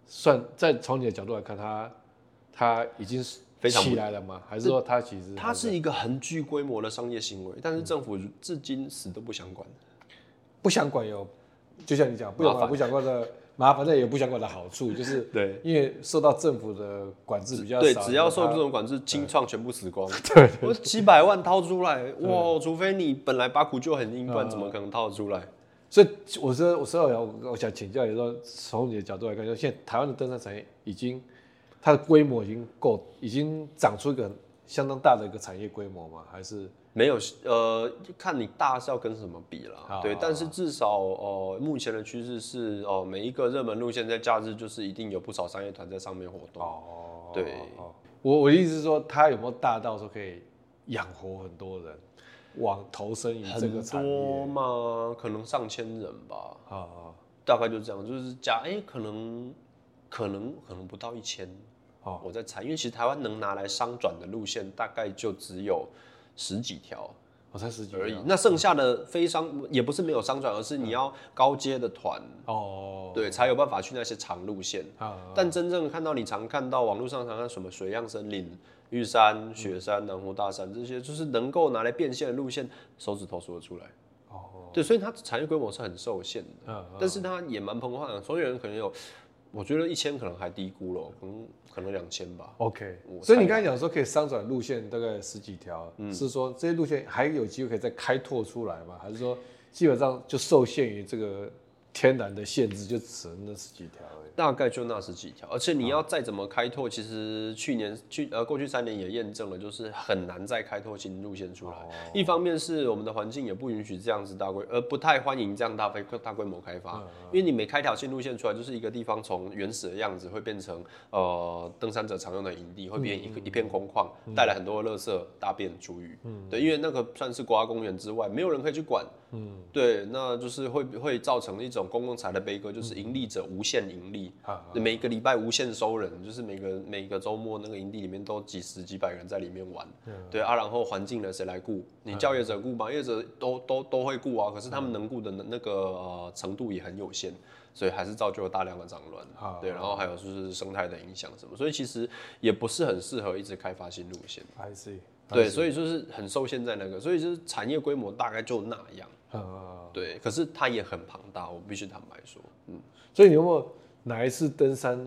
算在從你的角度來看，它它已經起來了嗎？還是說它其實它是一個很具規模的商業行為、嗯，但是政府至今死都不想管。不想管有，就像你講，不想管，不想管的麻煩，但也有不想管的好處，就是因為受到政府的管制比較少。對，只要受這種管制，清創全部死光。呃、 對，對，我幾百萬掏出來，哇、呃，除非你本來把庫就很硬，不、呃、怎麼可能掏得出來？所以我說，我十二條，我想請教你說，從你的角度來看，就現在台灣的登山產業已經，它的規模已經夠，已經長出一個。相當大的一個產業規模嗎？還是沒有？呃，看你大是要跟什麼比了、哦。對，但是至少哦、呃，目前的趨勢是哦、呃，每一個熱門路線在假日就是一定有不少商業團在上面活動。哦，對。哦、我我意思是說，它有沒有大到說可以養活很多人？往投身於這個產業嗎、這個？可能上千人吧。啊、哦，大概就這樣，就是假哎、欸，可能，可能，可能不到一千。我在猜，因為其實台灣能拿來商轉的路線大概就只有十幾條，我、哦、才十幾而已。那剩下的非商、嗯、也不是沒有商轉，而是你要高階的團哦、嗯，對，才有辦法去那些長路線。嗯嗯、但真正看到你常看到網路上常看什麼水漾森林、玉山、雪山、嗯、南湖大山這些，就是能夠拿來變現的路線，手指頭數得出來。哦、嗯，對，所以它產業規模是很受限的，嗯嗯、但是它也蠻蓬勃的。從業人員可能有，我覺得一千可能還低估了，可能。可能兩千吧。OK，所以你剛才講說可以商轉路線大概十幾條，嗯，是說這些路線還有機會可以再開拓出來嗎？還是說基本上就受限於這個？天然的限制就只能那十幾條、欸，大概就那十幾條，而且你要再怎麼開拓，其實去年去呃過去三年也驗證了，就是很難再開拓新路線出來。哦、一方面是我們的環境也不允許這樣子大規，呃不太歡迎這樣大規大規模開發、嗯啊，因為你每開條新路線出來，就是一個地方從原始的樣子會變成呃登山者常用的營地，會變一一片空曠，帶、嗯、來很多的垃圾、大便、廚餘、嗯，對，因為那個算是國家公園之外，沒有人可以去管。嗯，對，那就是會會造成一種公共財的悲歌，就是盈利者無限盈利。嗯、每個禮拜無限收人，就是每個每個周末那個營地裡面都幾十幾百人在裡面玩，嗯、對啊，然後環境呢誰來顧？你教育者顧吧、嗯，業者都都都會顧啊，可是他們能顧的那個、嗯呃、程度也很有限，所以還是造就了大量的髒亂、嗯。對，然後還有就是生態的影響什麼，所以其實也不是很適合一直開發新路線。I see. 對，所以就是很受限在那個，所以就是產業規模大概就那樣。啊，對，可是它也很龐大，我必須坦白說，嗯。所以你有沒有哪一次登山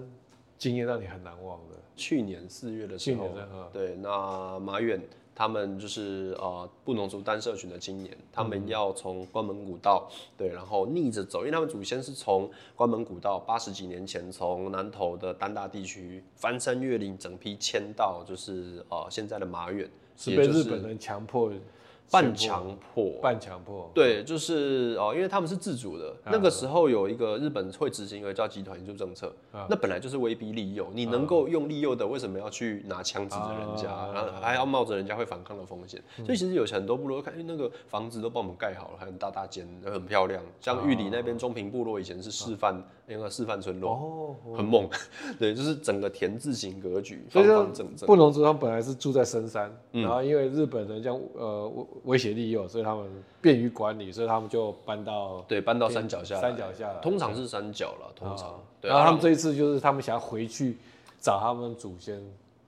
經驗讓你很難忘的？去年四月的時候。對，那馬遠他們就是呃，布農族單社群的青年。今年他們要從關門古道，對，然後逆着走，因為他們祖先是從關門古道八十幾年前從南投的丹大地區翻山越嶺整批遷到就是呃現在的馬遠。是被日本人強迫。也就是半強迫，半強迫，對，就是哦，因為他們是自主的。啊、那個時候有一個日本會執行一個叫“集團移住政策、啊”，那本來就是威逼利誘，你能夠用利誘的，為什麼要去拿槍指着人家、啊，然後還要冒着人家會反抗的風險？所、嗯、以其實有些很多部落看，哎、欸，那個房子都幫我們蓋好了，很大大間，很漂亮。像玉里那邊中平部落以前是示範，那、啊、個、欸、示範村落、哦很哦，很猛。對，就是整個田字型格局，方方正正。布農族本來是住在深山，然後因為日本人將呃、嗯、我。威脅利誘，所以他們便於管理，所以他們就搬到對，搬到山腳下，山腳下，通常是山腳了，通常、哦對。然後他們這一次就是他們想要回去找他們祖先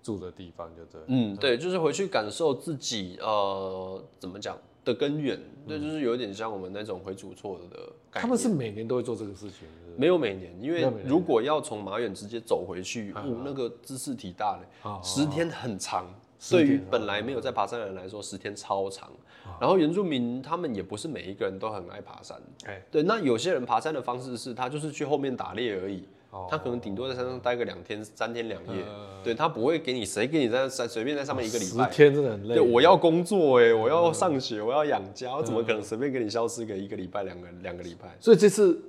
住的地方，就對。嗯，對嗯，就是回去感受自己呃，怎麼講的根源、嗯，對，就是有點像我們那種回祖厝的感覺。他們是每年都會做這個事情是不是？沒有每年，因為如果要從馬遠直接走回去，啊、那個姿勢挺大的、啊，十天很長。啊啊啊對於本來沒有在爬山的人來說，十天超長。然後原住民他們也不是每一個人都很愛爬山。哎，對，那有些人爬山的方式是，他就是去後面打獵而已。他可能頂多在山上待個兩天三天兩夜。對，他不會給你誰給你在隨隨便在上面一個禮拜。十天真的很累。對，我要工作哎，欸，我要上學，我要養家，我怎麼可能隨便給你消失一個一個禮拜兩個兩個禮拜？所以這次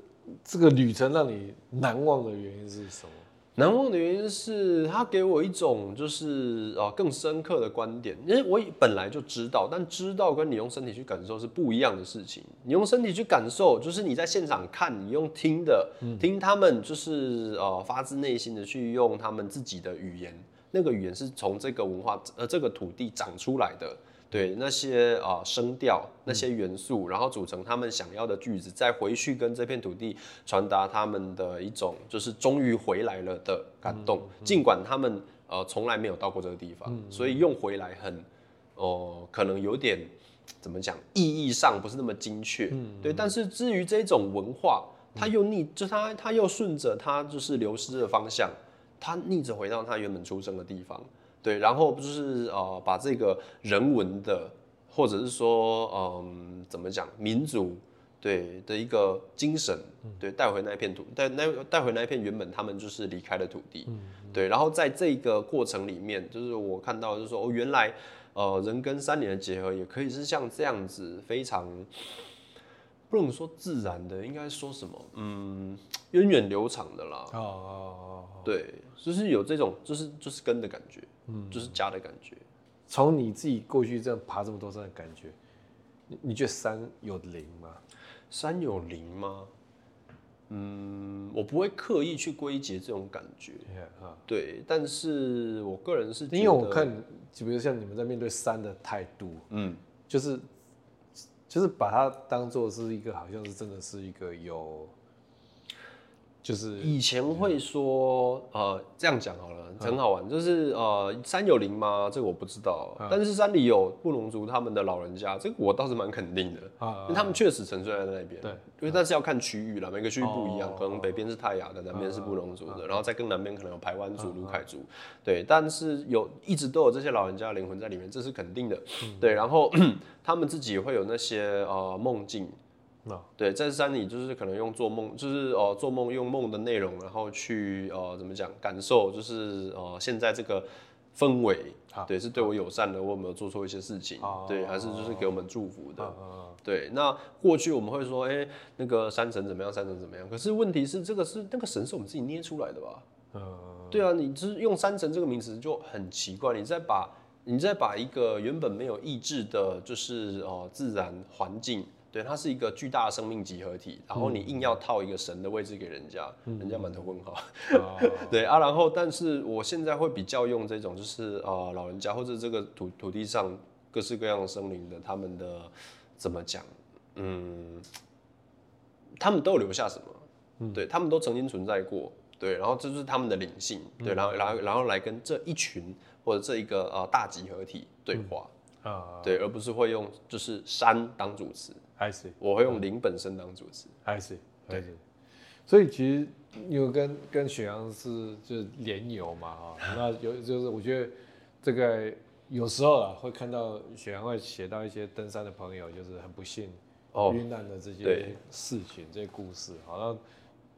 這個旅程讓你難忘的原因是什麼？難忘的原因是他給我一種就是呃、啊、更深刻的觀點，因為我本來就知道，但知道跟你用身體去感受是不一樣的事情。你用身體去感受，就是你在現場看，你用聽的，嗯、聽他們就是呃、啊、發自內心的去用他們自己的語言，那個語言是從這個文化呃這個土地長出來的。對那些啊、呃、聲調那些元素，然後組成他們想要的句子，再回去跟這片土地傳達他們的一種，就是終於回來了的感動。嗯嗯、儘管他們呃從來沒有到過這個地方，嗯嗯、所以用回來很，哦、呃，可能有點怎麼講，意義上不是那麼精確。嗯嗯、對，但是至於這種文化，它又逆，就它它又順着它就是流失的方向，它逆着回到它原本出生的地方。對，然後不就是呃，把這個人文的，或者是說，嗯、呃，怎麼講，民族對的一個精神，對，帶回那一片土，帶那帶回那一片原本他們就是離開的土地，對。然後在這個過程裡面，就是我看到，就是說，哦，原來，呃，人跟山林的結合也可以是像這樣子，非常。不能說自然的，應該說什麼？嗯，源遠流長的啦。哦哦，對，就是有這種、就是，就是就是根的感覺，嗯，就是家的感覺。從你自己過去這樣爬這麼多山的感覺，你，你覺得山有靈嗎、嗯？山有靈嗎？嗯，我不會刻意去歸結這種感覺。Yeah, 啊、對，但是我個人是覺得，因為我看，就比如像你們在面對山的態度，嗯，就是。就是把它當做是一個，好像是真的是一個有。就是以前會說，嗯、呃，這樣講好了、嗯，很好玩。就是呃，山有靈嗎？這個我不知道、嗯。但是山裡有布農族他們的老人家，這個我倒是蠻肯定的、嗯，因為他們確實沉睡在那邊、嗯。對，因為但是要看區域了，每個區域不一樣，嗯、可能北邊是泰雅的，南邊是布農族的，嗯、然後再更南邊可能有排灣族、魯、嗯、凱族。對，但是有一直都有這些老人家的靈魂在裡面，這是肯定的。嗯、對，然後咳咳他們自己會有那些呃夢境。Oh. 對，在山裡就是可能用做夢，就是哦做夢用夢的內容，然後去呃怎麼講感受，就是呃現在這個氛圍，oh. 對是對我友善的，我有沒有做錯一些事情？Oh. 對，還是就是給我們祝福的？Oh. Oh. Oh. 對。那過去我們會說，哎、欸，那個山神怎麼樣？山神怎麼樣？可是問題是，這個是那個神是我們自己捏出來的吧？Oh. 對啊，你就是用山神這個名詞就很奇怪。你再把，你再把一個原本沒有意志的，就是哦、呃、自然環境。對，它是一個巨大的生命集合體，然後你硬要套一個神的位置給人家，嗯、人家滿頭問號、嗯 啊。對啊，然後但是我現在會比較用這種，就是呃老人家或者這個土土地上各式各樣的生靈的他們的怎麼講，嗯，他們都有留下什麼、嗯？對，他們都曾經存在過，對，然後這是他們的靈性，對，嗯、然後然後然後來跟這一群或者這一個呃大集合體對話、嗯啊、對，而不是會用就是山當主持。I see，我會用林本身當主持。I see，I see. 對。所以其實因為跟跟雪羊是就是聯遊嘛，啊， 那有就是我覺得這個有時候啊，會看到雪羊會寫到一些登山的朋友，就是很不幸哦遇難的這些事情、這些故事。好像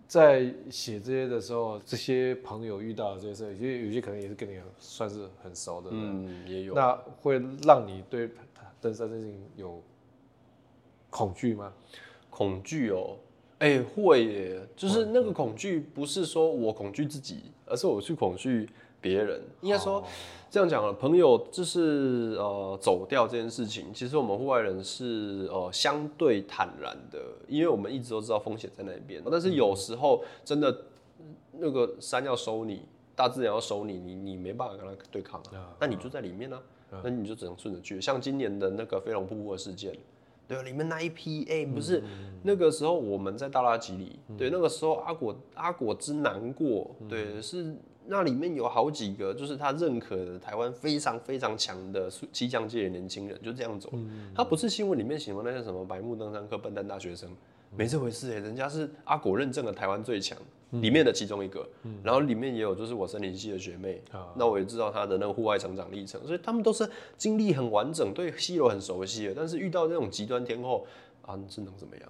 在寫這些的時候，這些朋友遇到的這些事情，有些有些可能也是跟你算是很熟的人，嗯、也有。那會讓你對登山這件事情有。恐懼嗎？恐懼哦，哎、欸、會耶，就是那個恐懼不是說我恐懼自己，而是我去恐懼別人。應該說、哦、這樣講啊，朋友就是呃走掉這件事情，其實我們戶外人是呃相對坦然的，因為我們一直都知道風險在哪一邊。但是有時候真的、嗯、那個山要收你，大自然要收你，你你沒辦法跟他對抗啊，嗯嗯嗯嗯，那你就在裡面呢、啊，那你就只能順着去。像今年的那個飛龍瀑布的事件。對，裡面那一批，哎、欸，不是、嗯嗯、那個時候我們在大拉吉裡、嗯，對，那個時候阿果阿果之難過，對、嗯，是那裡面有好幾個，就是他認可的台灣非常非常強的七強界的年輕人，就這樣走，嗯嗯、他不是新聞裡面喜歡那些什麼白目登山客、笨蛋大學生。沒這回事、欸、人家是阿果認證的台灣最強、嗯、裡面的其中一個，然後裡面也有就是我森林系的學妹，嗯，那我也知道她的那個戶外成長歷程，所以他們都是經歷很完整，對溪流很熟悉的，但是遇到這種極端天候，啊，這能怎麼樣？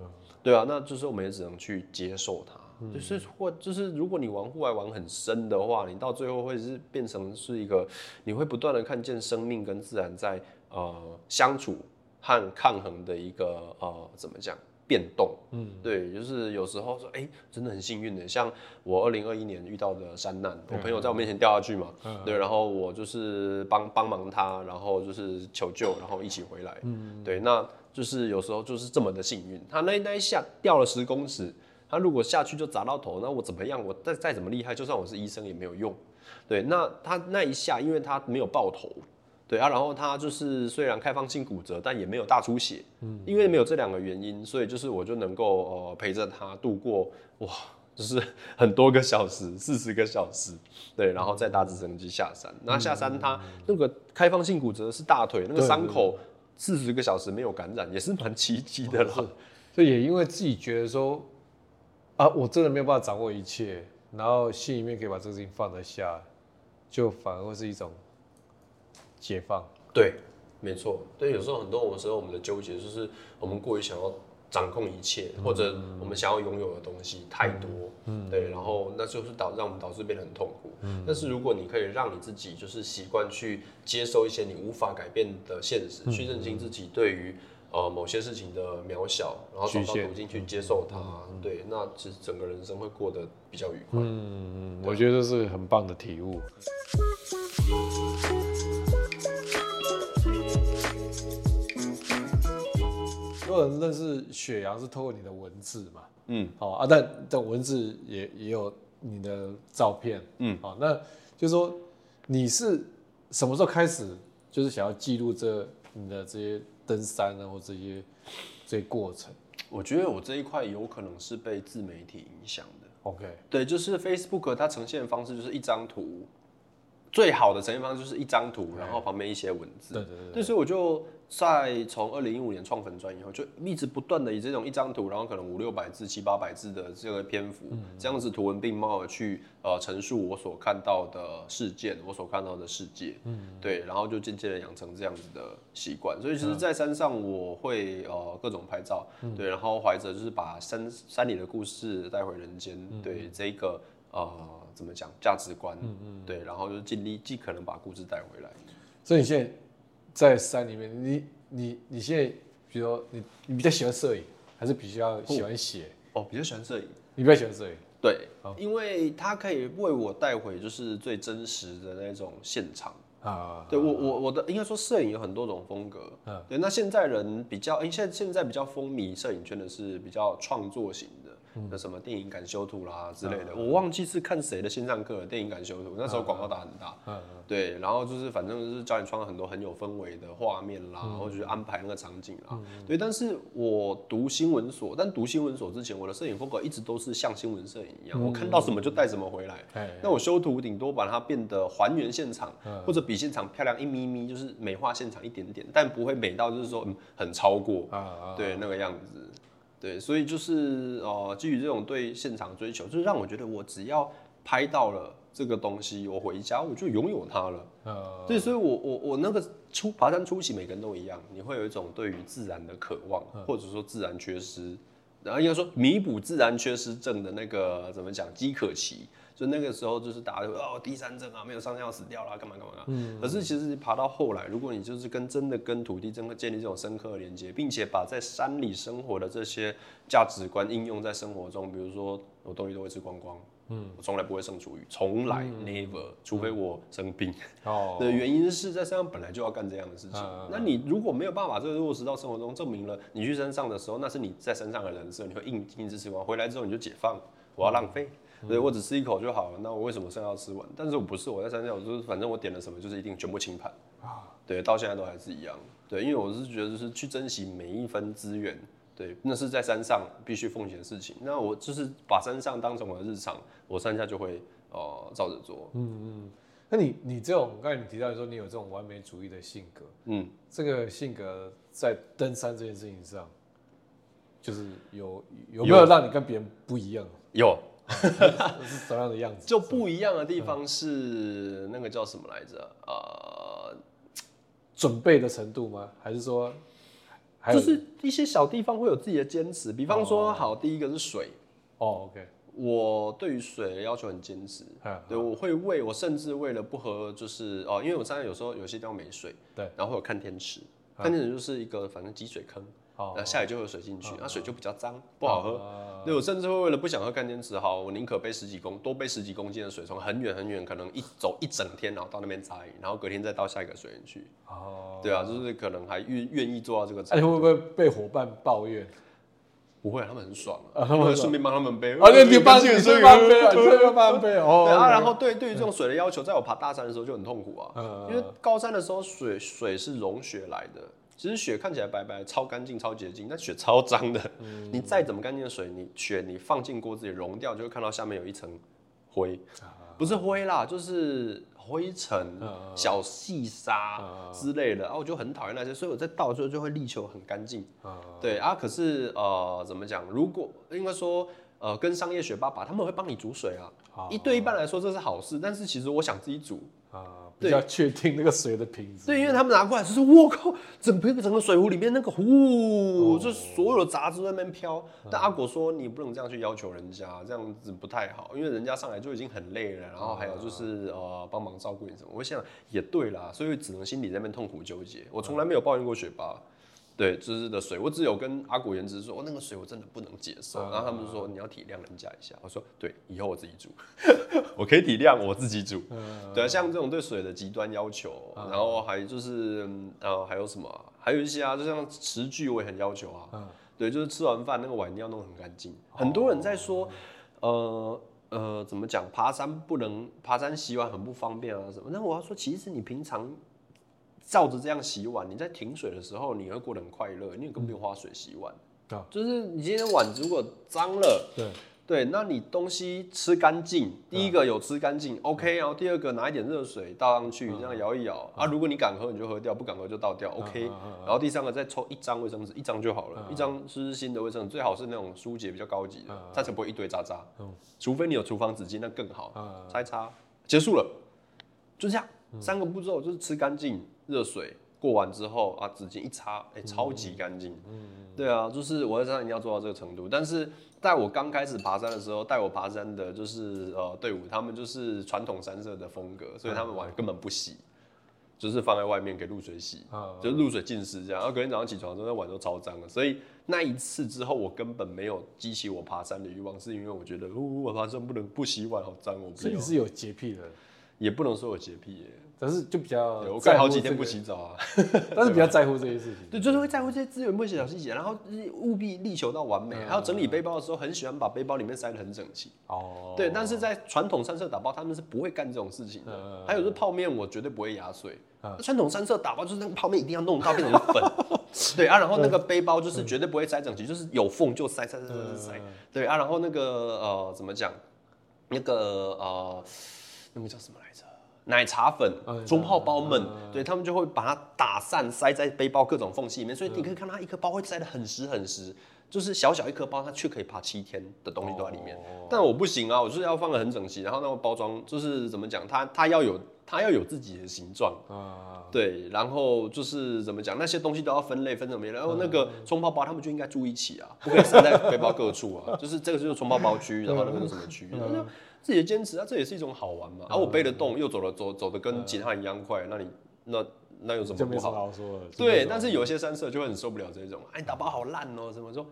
嗯，對啊，那就是我們也只能去接受它。就是或就是如果你玩戶外玩很深的話，你到最後會是變成是一個，你會不斷的看見生命跟自然在呃相處和抗衡的一個呃怎麼講？變動，嗯，對，就是有時候說，哎、欸，真的很幸運的，欸，像我二零二一年遇到的山難，我朋友在我面前掉下去嘛，嗯，對，然後我就是幫幫忙他，然後就是求救，然後一起回來，嗯，對，那就是有時候就是這麼的幸運，他那，那一下掉了十公尺，他如果下去就砸到頭，那我怎麼樣？我再，再怎麼厲害，就算我是醫生也沒有用，對，那他那一下，因為他沒有爆頭。對啊，然後他就是雖然開放性骨折，但也沒有大出血。嗯，因為沒有這兩個原因，所以就是我就能夠呃陪着他度過哇，就是很多個小時，四十個小時。對，然後再搭直升機下山。那、嗯、下山他、嗯、那個開放性骨折是大腿，嗯、那個傷口四十個小時沒有感染，也是蠻奇蹟的啦。所、哦、以也因為自己覺得說啊，我真的沒有辦法掌握一切，然後心裡面可以把這個事情放得下，就反而會是一種。解放，對，沒錯。對，有時候很多我們時候我們的糾結，就是我們過於想要掌控一切，嗯、或者我們想要擁有的東西太多，嗯，對。然後那就是導讓我們導致變得很痛苦，嗯。但是如果你可以讓你自己就是習慣去接受一些你無法改變的現實，嗯，去認清自己對於呃某些事情的渺小，然後找到途徑去接受它，對，那其實整個人生會過得比較愉快。嗯，我覺得這是很棒的體悟。很多人認識雪羊是透過你的文字嘛，嗯，好啊，但但文字也也有你的照片，嗯，好、啊，那就是說你是什麼時候開始，就是想要記錄這你的這些登山啊或者這些這些過程？我覺得我這一塊有可能是被自媒體影響的。OK，對，就是 Facebook 它呈現的方式就是一張圖。最好的呈現方式就是一張圖，然後旁邊一些文字。對，對，對，對，對，所以我就在從二零一五年創粉專以後，就一直不斷的以這種一張圖，然後可能五六百字、七八百字的這個篇幅，嗯嗯這樣子圖文並茂的去呃陳述我所看到的事件，我所看到的世界。嗯，嗯，對。然後就漸漸的養成這樣子的習慣。所以其實，在山上我會呃各種拍照，嗯嗯對，然後懷着就是把山山裡的故事帶回人間，嗯嗯對這個呃。怎麼講價值觀？嗯嗯，對，然後就盡力，盡可能把故事帶回來。所以你現在在山裡面，你你你現在，比如你你比較喜歡攝影，還是比較喜歡寫？哦，比較喜歡攝影。你比較喜歡攝影。對，oh. 因為它可以為我帶回就是最真實的那種現場啊。Oh. 對，我我我的應該說攝影有很多種風格。嗯、oh.，對，那現在人比較，哎、欸，現在現在比較風靡攝影圈的是比較創作型的。有、嗯、什麼電影感修圖啦之類的，啊、我忘記是看誰的線上課了。電影感修圖、啊、那時候廣告打很大、啊，對。然後就是反正就是教你穿很多很有氛圍的畫面啦，嗯、然後就是安排那個場景啦，嗯、對。但是我讀新聞所，但讀新聞所之前，我的攝影風格一直都是像新聞攝影一樣、嗯，我看到什麼就帶什麼回來。那、嗯、我修圖頂多把它變得還原現場、嗯，或者比現場漂亮一咪咪，就是美化現場一點點，但不會美到就是說、嗯、很超過、啊、對、啊、那個樣子。對，所以就是呃、哦，基於這種對現場追求，就是讓我覺得我只要拍到了這個東西，我回家我就擁有它了、嗯。對，所以我我我那個初爬山初期，每個人都一樣，你會有一種對於自然的渴望、嗯，或者說自然缺失，然後應該說彌補自然缺失症的那個怎麼講飢渴期。所以那個時候就是大家哦，第三針啊，沒有山上要死掉了、啊，幹嘛幹嘛，幹嘛、嗯、可是其實爬到後來，如果你就是跟真的跟土地真的建立這種深刻的連接，並且把在山裡生活的這些價值觀應用在生活中，比如說我東西都會吃光光，嗯，我從來不會剩廚餘，從來 never，、嗯、除非我生病。嗯、哦。的 原因是在山上本來就要幹這樣的事情嗯嗯。那你如果沒有辦法，這個落實到生活中，證明了你去山上的時候，那是你在山上的人設，你會硬硬是吃光。回來之後你就解放，我要浪費。嗯對，我只吃一口就好了。那我為什麼剩下要吃完？但是我不是我在山上，我就是反正我點了什麼，就是一定全部清盤啊。對，到現在都還是一樣。對，因為我是覺得就是去珍惜每一分資源。對，那是在山上必須奉行的事情。那我就是把山上當成我的日常，我山下就會哦、呃、照着做。嗯嗯，那你你這種剛才你提到你說你有這種完美主義的性格，嗯，這個性格在登山這件事情上，就是有有沒有讓你跟別人不一樣？有。有是什麼樣的樣子？就不一樣的地方是那個叫什麼來着、啊？呃，準備的程度嗎？還是說，就是一些小地方會有自己的堅持。比方說，好，第一個是水。哦，OK。我對於水要求很堅持、哦 okay。對，我會為我甚至為了不喝，就是哦、呃，因為我常常有時候有些地方沒水。對。然後會有看天池，看天池就是一個反正積水坑。那、哦哦哦啊、下雨就有水進去，那、哦哦啊、水就比較髒、哦哦，不好喝。那、啊啊、我甚至會為了不想喝乾電池，好，我寧可背十幾公多背十幾公斤的水，從很遠很遠，可能一走一整天，然後到那邊紮營，然後隔天再到下一個水源去。哦、啊，對啊，就是可能還願願意做到這個程度。哎、啊，會不會被夥伴抱怨？不會，他們很爽、啊啊，他們會順便幫他們背。啊，你、啊、幫，你幫背，特別幫背。哦，對啊，啊、嗯。然後對對於這種水的要求，在我爬大山的時候就很痛苦啊，啊因為高山的時候水水是融雪來的。其實雪看起來白白，超乾淨，超潔淨，但雪超髒的，嗯。你再怎麼乾淨的水，你雪你放進鍋子裡溶掉，就會看到下面有一層灰，啊，不是灰啦，就是灰塵、啊、小細沙之類的。啊，啊我就很討厭那些，所以我在倒的時候就會力求很乾淨，啊。對啊。可是呃，怎麼講？如果應該說呃，跟商業學爸爸他們會幫你煮水啊，啊。一對一般來說這是好事，但是其實我想自己煮啊。對，比較確定那個水的品質。對，因為他們拿過來就是：“我靠，整個整個水壺裡面那個湖，就是所有雜質在那邊飄。哦”但阿果說：“你不能這樣去要求人家、嗯，這樣子不太好，因為人家上來就已經很累了，然後還有就是、啊、呃，幫忙照顧你什麼。”我想也對啦，所以只能心裡在那邊痛苦糾結。我從來沒有抱怨過水吧。嗯嗯對，就是的水，我只有跟阿古原子說、哦，那個水我真的不能接受、嗯。然後他們就說、嗯、你要體諒人家一下，我說對，以後我自己煮，呵呵我可以體諒我自己煮。嗯、對啊，像這種對水的極端要求、嗯，然後還就是，嗯，還有什麼？還有一些啊，就像餐具我也很要求啊。嗯、對，就是吃完飯那個碗一定要弄很乾淨、嗯。很多人在說，嗯、呃呃，怎麼講？爬山不能爬山洗碗很不方便啊什麼？那我要說，其實你平常。照着這樣洗碗，你在停水的時候，你會過得很快樂，因為根本不用花水洗碗、嗯。就是你今天碗如果髒了，對，對，那你東西吃乾淨，第一個有吃乾淨、嗯、OK，然後第二個拿一點熱水倒上去，嗯、這樣搖一搖、嗯、啊，如果你敢喝你就喝掉，不敢喝就倒掉、嗯、OK，然後第三個再抽一張衛生紙，一張就好了，嗯、一張是，是新的衛生紙，最好是那種舒潔比較高級的，它、嗯、才不會一堆渣渣。嗯、除非你有廚房紙巾，那更好。啊、嗯，擦擦，結束了，就這樣。三個步驟就是吃乾淨，熱水過完之後啊，紙巾一擦，哎、欸，超級乾淨、嗯嗯。對啊，就是我在山上一定要做到這個程度。但是在我剛開始爬山的時候，帶我爬山的就是呃隊伍，他們就是傳統山社的風格，所以他們碗根本不洗，就是放在外面給露水洗，嗯、就是、露水浸溼這樣。然後隔天早上起床之後，那碗都超髒了。所以那一次之後，我根本沒有激起我爬山的慾望，是因為我覺得，如、呃、果我爬山不能不洗碗，好髒，我不。所以你是有潔癖的？也不能說有潔癖耶、欸。但是就比較在乎，我可以好幾天不洗澡啊， 但是比較在乎這些事情。對，就是會在乎這些資源，不會寫小細節，然後務必力求到完美。嗯、還有整理背包的時候，很喜歡把背包裡面塞得很整齊。哦。對，但是在傳統山社打包，他們是不會幹這種事情的。嗯、還有就是泡麵，我絕對不會壓碎。傳、嗯、統山社打包就是那個泡面一定要弄到變成粉。 對啊，然後那個背包就是絕對不會塞整齊、嗯，就是有縫就塞塞塞塞塞,塞,塞,塞,塞、嗯。對啊，然後那個呃怎麼講？那個呃，那個叫什麼來着？奶茶粉，沖泡包們，嗯嗯嗯、對，他們就會把它打散，塞在背包各種縫隙裡面。所以你可以看到它一顆包會塞得很實很實，就是小小一顆包，它卻可以爬七天的東西都在裡面。哦哦。但我不行啊，我就是要放的很整齊，然後那個包裝就是怎麼講，它它要有它要有自己的形狀啊，嗯，對，然後就是怎麼講，那些東西都要分類分什麼類？然後那個沖泡包包他們就應該住一起啊，不可以塞在背包各處啊。嗯，就是這個就是沖泡包區，然後那個就是什麼區。嗯嗯嗯自己的堅持啊，這也是一種好玩嘛。然後、嗯、我背得動，又走了，走走的跟其他人一樣快，嗯、那你那那有什麼不好？說說對，但是有些山色就會很受不了這種，哎，打包好爛哦，什麼說？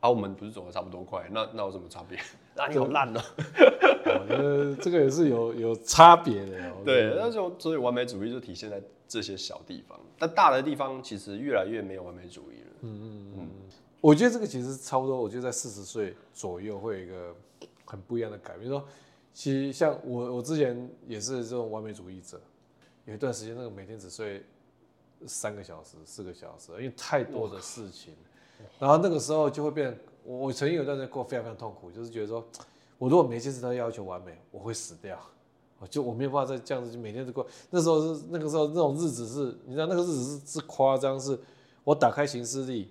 啊，我們不是走的差不多快，那那有什麼差別？那、啊、你好爛哦！呃，這個也是有有差別的、哦對對，對，那就所以完美主義就體現在這些小地方，但大的地方其實越來越沒有完美主義了。嗯嗯嗯，我覺得這個其實差不多，我覺得在四十歲左右會有一個。很不一樣的感覺，比如說，其實像我，我之前也是這種完美主義者，有一段時間，那個每天只睡三個小時、四個小時，因為太多的事情，然後那個時候就會變，我曾經有一段時間過非常非常痛苦，就是覺得說，我如果每件事都要求完美，我會死掉，我就我沒有辦法再這樣子就每天都過，那時候是那個時候那種日子是，你知道那個日子是是誇張，是我打開行事曆。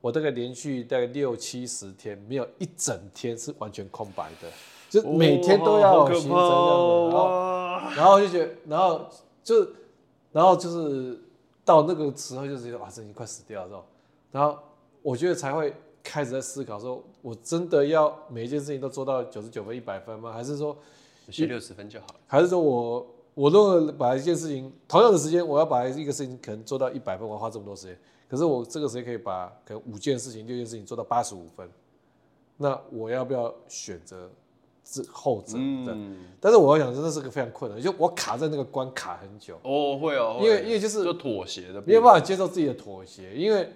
我大概連續大概六七十天，沒有一整天是完全空白的，就每天都要有行程這樣，然後然後就覺，然後就是，然後就是到那個時候就覺得啊，這已經快死掉了，然後，然後我覺得才會開始在思考說，我真的要每一件事情都做到九十九分一百分嗎？還是說，有些六十分就好了？還是說我，我認為把一件事情同樣的時間，我要把一個事情可能做到一百分，我要花這麼多時間。可是我這個時候可以把可能五件事情、六件事情做到八十五分，那我要不要選擇是後者？嗯對，但是我要想，真的是個非常困難，就我卡在那個關卡很久。哦，會哦，因為因為就是就妥協的，沒有辦法接受自己的妥協，因為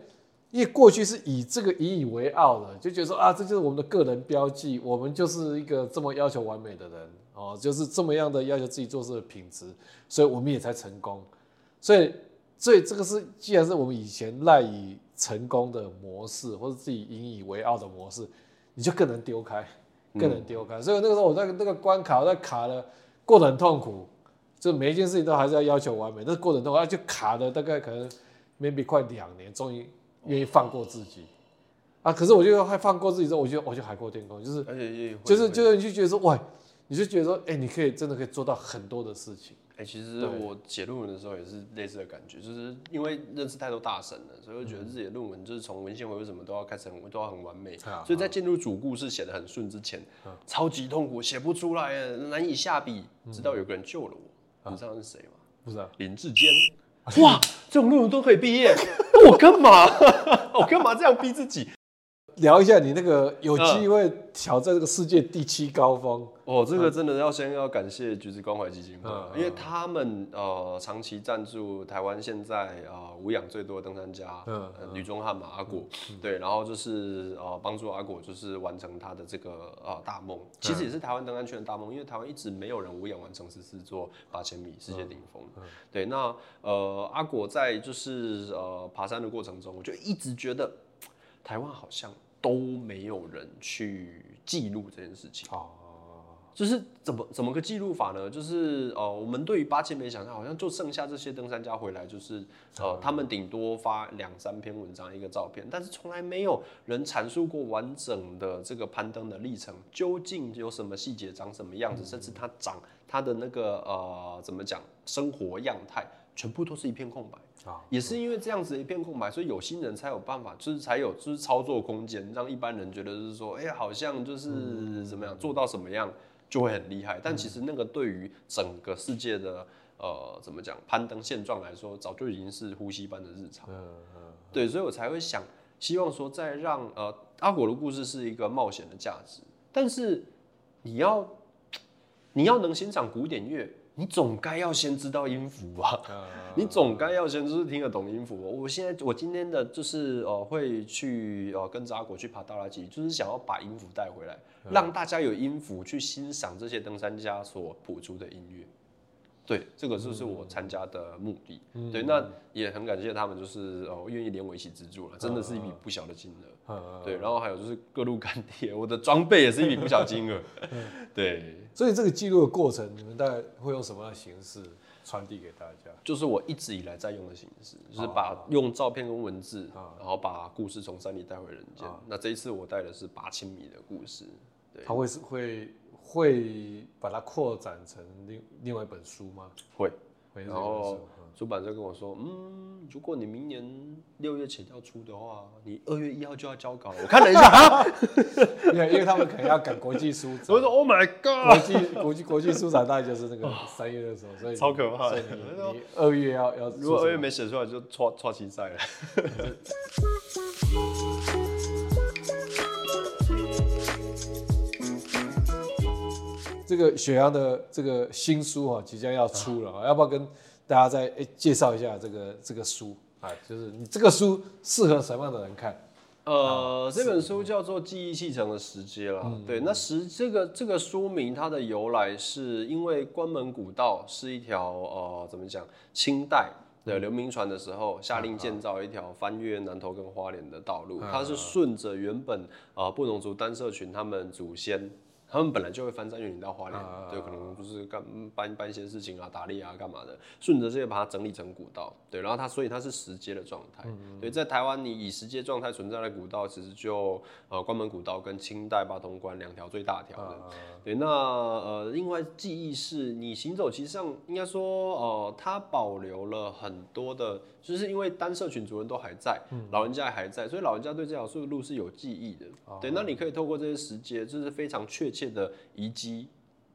因為過去是以這個引以為傲的，就覺得說啊，這就是我們的個人標記，我們就是一個這麼要求完美的人哦，就是這麼樣的要求自己做事的品質，所以我們也才成功，所以。所以這個是，既然是我們以前賴以成功的模式，或者自己引以為傲的模式，你就更能丟開，更能丟開、嗯。所以那個時候我在那個關卡，我在卡的過得很痛苦，就每一件事情都還是要要求完美，那過程的話就卡的大概可能 maybe 快兩年，終於願意放過自己。啊，可是我就還放過自己之後，我就我就海闊天空，就是就是也也就是你、就是、就覺得說，哇，你就覺得說，哎、欸，你可以真的可以做到很多的事情。哎、欸，其實我寫論文的時候也是類似的感覺，就是因為認識太多大神了，所以我覺得自己的論文就是從文獻回顧什麼都要開始都要很完美，嗯、所以在進入主故事寫得很順之前、嗯，超級痛苦，寫不出來，難以下筆、嗯。直到有個人救了我，啊、你知道是誰嗎？不是、啊、林志堅、啊？哇、啊、這種論文都可以畢業， 我幹幹嘛？ 我幹嘛這樣逼自己？聊一下你那個有機會挑戰這個世界第七高峰、嗯、哦，這個真的要先要感謝橘子關懷基金會、嗯，因為他們呃長期贊助台灣現在呃無氧最多的登山家，嗯、呃女中漢嘛阿果，對、呃呃呃呃呃呃，然後就是呃幫助阿果就是完成他的這個呃大夢，其實也是台灣登山圈的大夢、嗯，因為台灣一直沒有人無氧完成十四座八千米世界頂峰、嗯嗯，對，那呃阿果在就是呃爬山的過程中，我就一直覺得、呃、台灣好像。都沒有人去記錄這件事情啊，就是怎麼怎麼個記錄法呢？就是呃，我們對於八千米以上，好像就剩下這些登山家回來，就是呃、嗯，他們頂多發兩三篇文章一個照片，但是從來沒有人闡述過完整的這個攀登的歷程，究竟有什麼細節，長什麼樣子，嗯、甚至他長他的那個呃，怎麼講，生活樣態。全部都是一片空白啊，也是因為這樣子一片空白，所以有心人才有辦法，就是才有就是操作空間，讓一般人覺得就是說，哎、欸，好像就是、嗯、怎麼樣、嗯、做到什麼樣就會很厲害、嗯。但其實那個對於整個世界的呃怎麼講攀登現狀來說，早就已經是呼吸般的日常。嗯嗯嗯、對，所以我才會想希望說再讓呃阿果的故事是一個冒險的價值，但是你要、嗯、你要能欣賞古典樂。你總該要先知道音符吧？嗯、你總該要先就是聽得懂音符。我現在我今天的就是呃會去呃跟著阿果去爬道拉吉，就是想要把音符帶回來，讓大家有音符去欣賞這些登山家所譜出的音樂。對，這個就是我參加的目的、嗯對，嗯。對，那也很感謝他們，就是哦願意連我一起資助了、嗯，真的是一筆不小的金額、嗯。對、嗯，然後還有就是各路乾爹，我的裝備也是一筆不小金額、嗯。對，所以這個記錄的過程，你們大概會用什麼樣的形式傳遞給大家？就是我一直以來在用的形式，就是把用照片跟文字，啊、然後把故事從山裡帶回人間、啊。那這一次我帶的是八千米的故事。對，他會是會。會把它擴展成另另外一本書嗎？會，然後、oh, 嗯、出版商就跟我說，嗯，如果你明年六月前要出的話，你二月一號就要交稿了。 我看了一下，因 為 因為他們可能要趕國際書展，所以說，Oh my God！國際國際國際書展大概就是那個三月的時候，所以超可怕的。所以你二月要要，如果二月沒寫出來就，就錯錯期賽了。 這個雪羊的這個新書啊，即將要出了啊，啊要不要跟大家再、欸、介紹一下這個這個書啊？就是你這個書適合什麼樣的人看？啊、呃，這本書叫做《記憶砌成的時機》了、嗯。對，那時這個這個書名它的由來，是因為關門古道是一條呃，怎麼講？清代的劉銘傳的時候下令建造一條翻越南投跟花蓮的道路，嗯、它是順着原本啊布農族丹社群他們祖先，他們本來就會翻山越嶺到花蓮，就、uh, 可能就是幹搬搬一些事情啊、打獵啊、幹嘛的，順着這些把它整理成古道，對，然後它所以它是石階的狀態，mm -hmm. 對，在台灣你以石階狀態存在的古道，其實就呃關門古道跟清代八通關兩條最大條的，uh -huh. 對，那呃另外記憶是你行走，其實上應該說呃它保留了很多的，就是因為單社群族人都還在，mm -hmm. 老人家還在，所以老人家對這條路路是有記憶的，uh -huh. 對，那你可以透過這些石階，就是非常確切。的遺跡，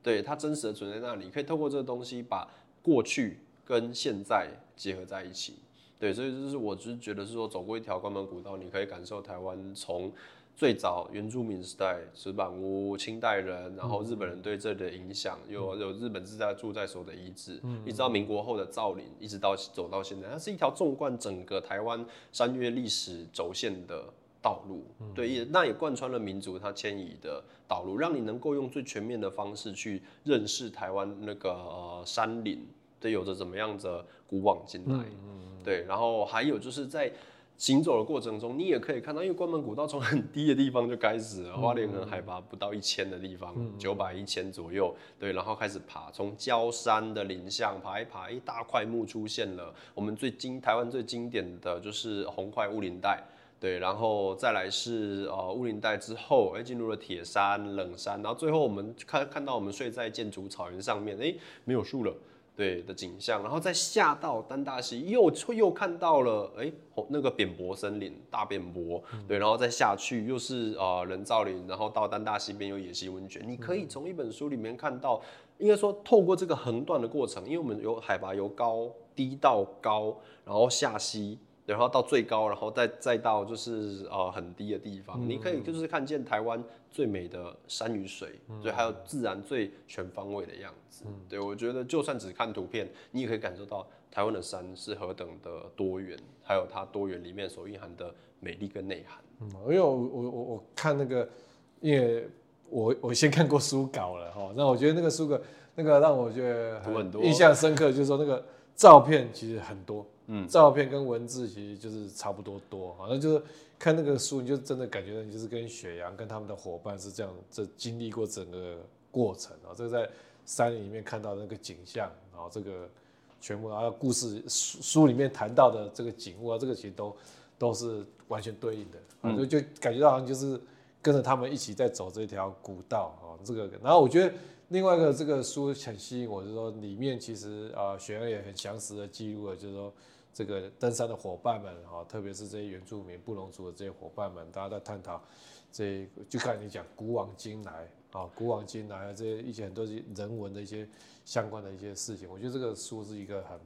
對，它真實的存在那裡，可以透過這個東西把過去跟現在結合在一起，對，所以就是我只是覺得是說走過一條關門古道，你可以感受台灣從最早原住民時代石板屋、清代人，然後日本人對這裡的影響，嗯、有有日本駐在所的遺址、嗯，一直到民國後的造林，一直到走到現在，它是一條縱貫整個台灣山岳歷史軸線的道路，對，也那也貫穿了民族它遷移的道路，讓你能夠用最全面的方式去認識台灣那個山林，對，有着怎麼樣的古往今來，對，然後還有就是在行走的過程中，你也可以看到，因為關門古道從很低的地方就開始了，花蓮很海拔不到一千的地方，九百一千左右，對，然後開始爬，從焦山的林相爬一爬，一大塊木出現了，我們最經台灣最經典的就是紅檜霧林帶。對，然後再來是呃，霧林帶之後，哎，進入了鐵杉、冷杉，然後最後我們看看到我們睡在箭竹草原上面，哎，沒有樹了，對的景象，然後再下到丹大溪，又又看到了哎，那個扁柏森林，大扁柏、嗯，對，然後再下去又是呃人造林，然後到丹大溪邊有野溪溫泉、嗯，你可以從一本書裡面看到，應該說透過這個橫斷的過程，因為我們由海拔由高低到高，然後下溪。然後到最高，然後再再到就是呃很低的地方、嗯，你可以就是看見台灣最美的山與水，所、嗯、以還有自然最全方位的樣子。嗯、對我覺得，就算只看圖片，你也可以感受到台灣的山是何等的多元，嗯、還有它多元裡面所蘊含的美麗跟內涵。嗯，因為我我我我看那個，因為我我先看過書稿了哈，那我覺得那個書稿那個讓我覺得很多印象深刻，就是說那個照片其實很多。嗯、照片跟文字其實就是差不多多、啊，好像就是看那個書，你就真的感覺到你就是跟雪羊跟他們的夥伴是這樣這經歷過整個過程啊，這個在山裡面看到的那個景象啊，這個全部的、啊、故事書書裡面談到的這個景物啊，這個其實都都是完全對應的、啊嗯，就就感覺到好像就是跟着他們一起在走這條古道啊，這個然後我覺得另外一個這個書很吸引我，就是說裡面其實啊雪羊也很詳實的記錄了，就是說。這個登山的夥伴們，哈，特別是這些原住民布農族的這些夥伴們，大家在探討，這就看你講古往今來啊，古往今來啊，來這一些很人文的一些相關的一些事情，我覺得這個書是一個很。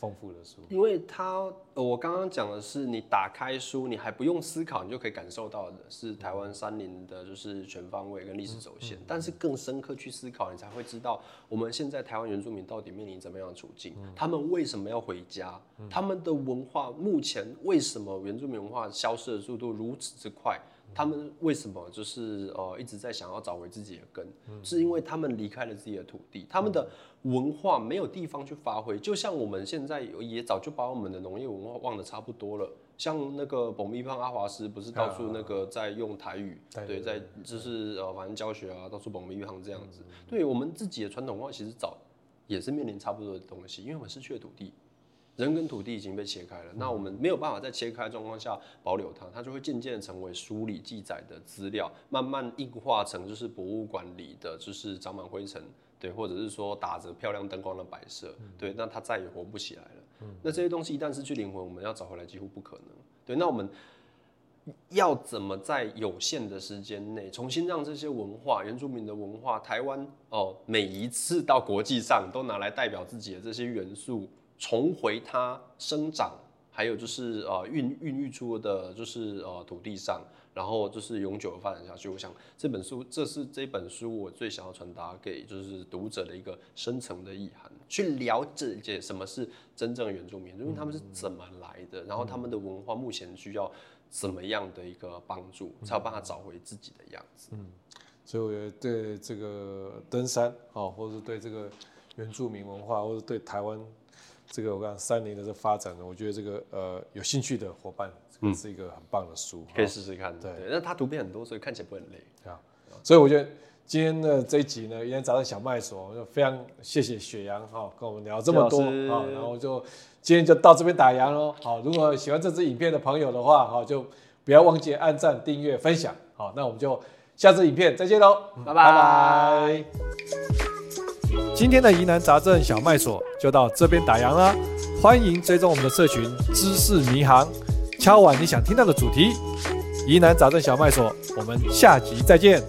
豐富的書，因為它，呃、我剛剛講的是你打開書，你還不用思考，你就可以感受到的是台灣山林的，就是全方位跟歷史走線。嗯嗯嗯。但是更深刻去思考，你才會知道我們現在台灣原住民到底面臨怎麼樣的處境。嗯，他們為什麼要回家，他們的文化目前為什麼原住民文化消失的速度如此之快？他們為什麼就是呃一直在想要找回自己的根，是因為他們離開了自己的土地，他們的文化沒有地方去發揮。就像我們現在也早就把我們的農業文化忘得差不多了。像那個寶密胖阿華斯不是到處那個在用台語，對，在就是呃反正教學啊，到處寶密胖這樣子。對我們自己的傳統文化，其實早也是面臨差不多的東西，因為我們失去了土地。人跟土地已經被切開了，那我們沒有辦法在切開的狀況下保留它，它就會漸漸成為書裡記載的資料，慢慢硬化成就是博物館裡的就是長滿灰塵，對，或者是說打着漂亮燈光的擺設，對，那它再也活不起來了。那這些東西一旦失去靈魂，我們要找回來幾乎不可能。對，那我們要怎麼在有限的時間內重新讓這些文化、原住民的文化、台灣哦，每一次到國際上都拿來代表自己的這些元素？重回它生長，還有就是呃，孕孕育出的，就是呃，土地上，然後就是永久的發展下去。我想這本書，這是這本書我最想要傳達給就是讀者的一個深層的意涵，去了解些什麼是真正的原住民，因、嗯、為、就是、他們是怎麼來的，然後他們的文化目前需要怎麼樣的一個幫助，嗯、才有辦法找回自己的樣子。嗯，所以我覺得對這個登山啊、哦，或者是對這個原住民文化，或是對台灣。這個我講三年的這發展呢，我覺得這個呃有興趣的伙伴，嗯，是一個很棒的書，嗯喔、可以試試看。對，對但是它圖片很多，所以看起來不很累啊、嗯。所以我覺得今天的這一集呢，今天早上小賣所就非常謝謝雪羊哈、喔，跟我們聊這麼多啊、喔，然後就今天就到這邊打烊嘍。好、喔，如果喜歡這支影片的朋友的話、喔、就不要忘記按讚、訂閱、分享。好、喔，那我們就下次影片再見嘍、嗯，拜拜。拜拜今天的疑難雜症小賣所就到這邊打烊了，歡迎追蹤我們的社群知識迷航，敲碗你想聽到的主題，疑難雜症小賣所，我們下集再見。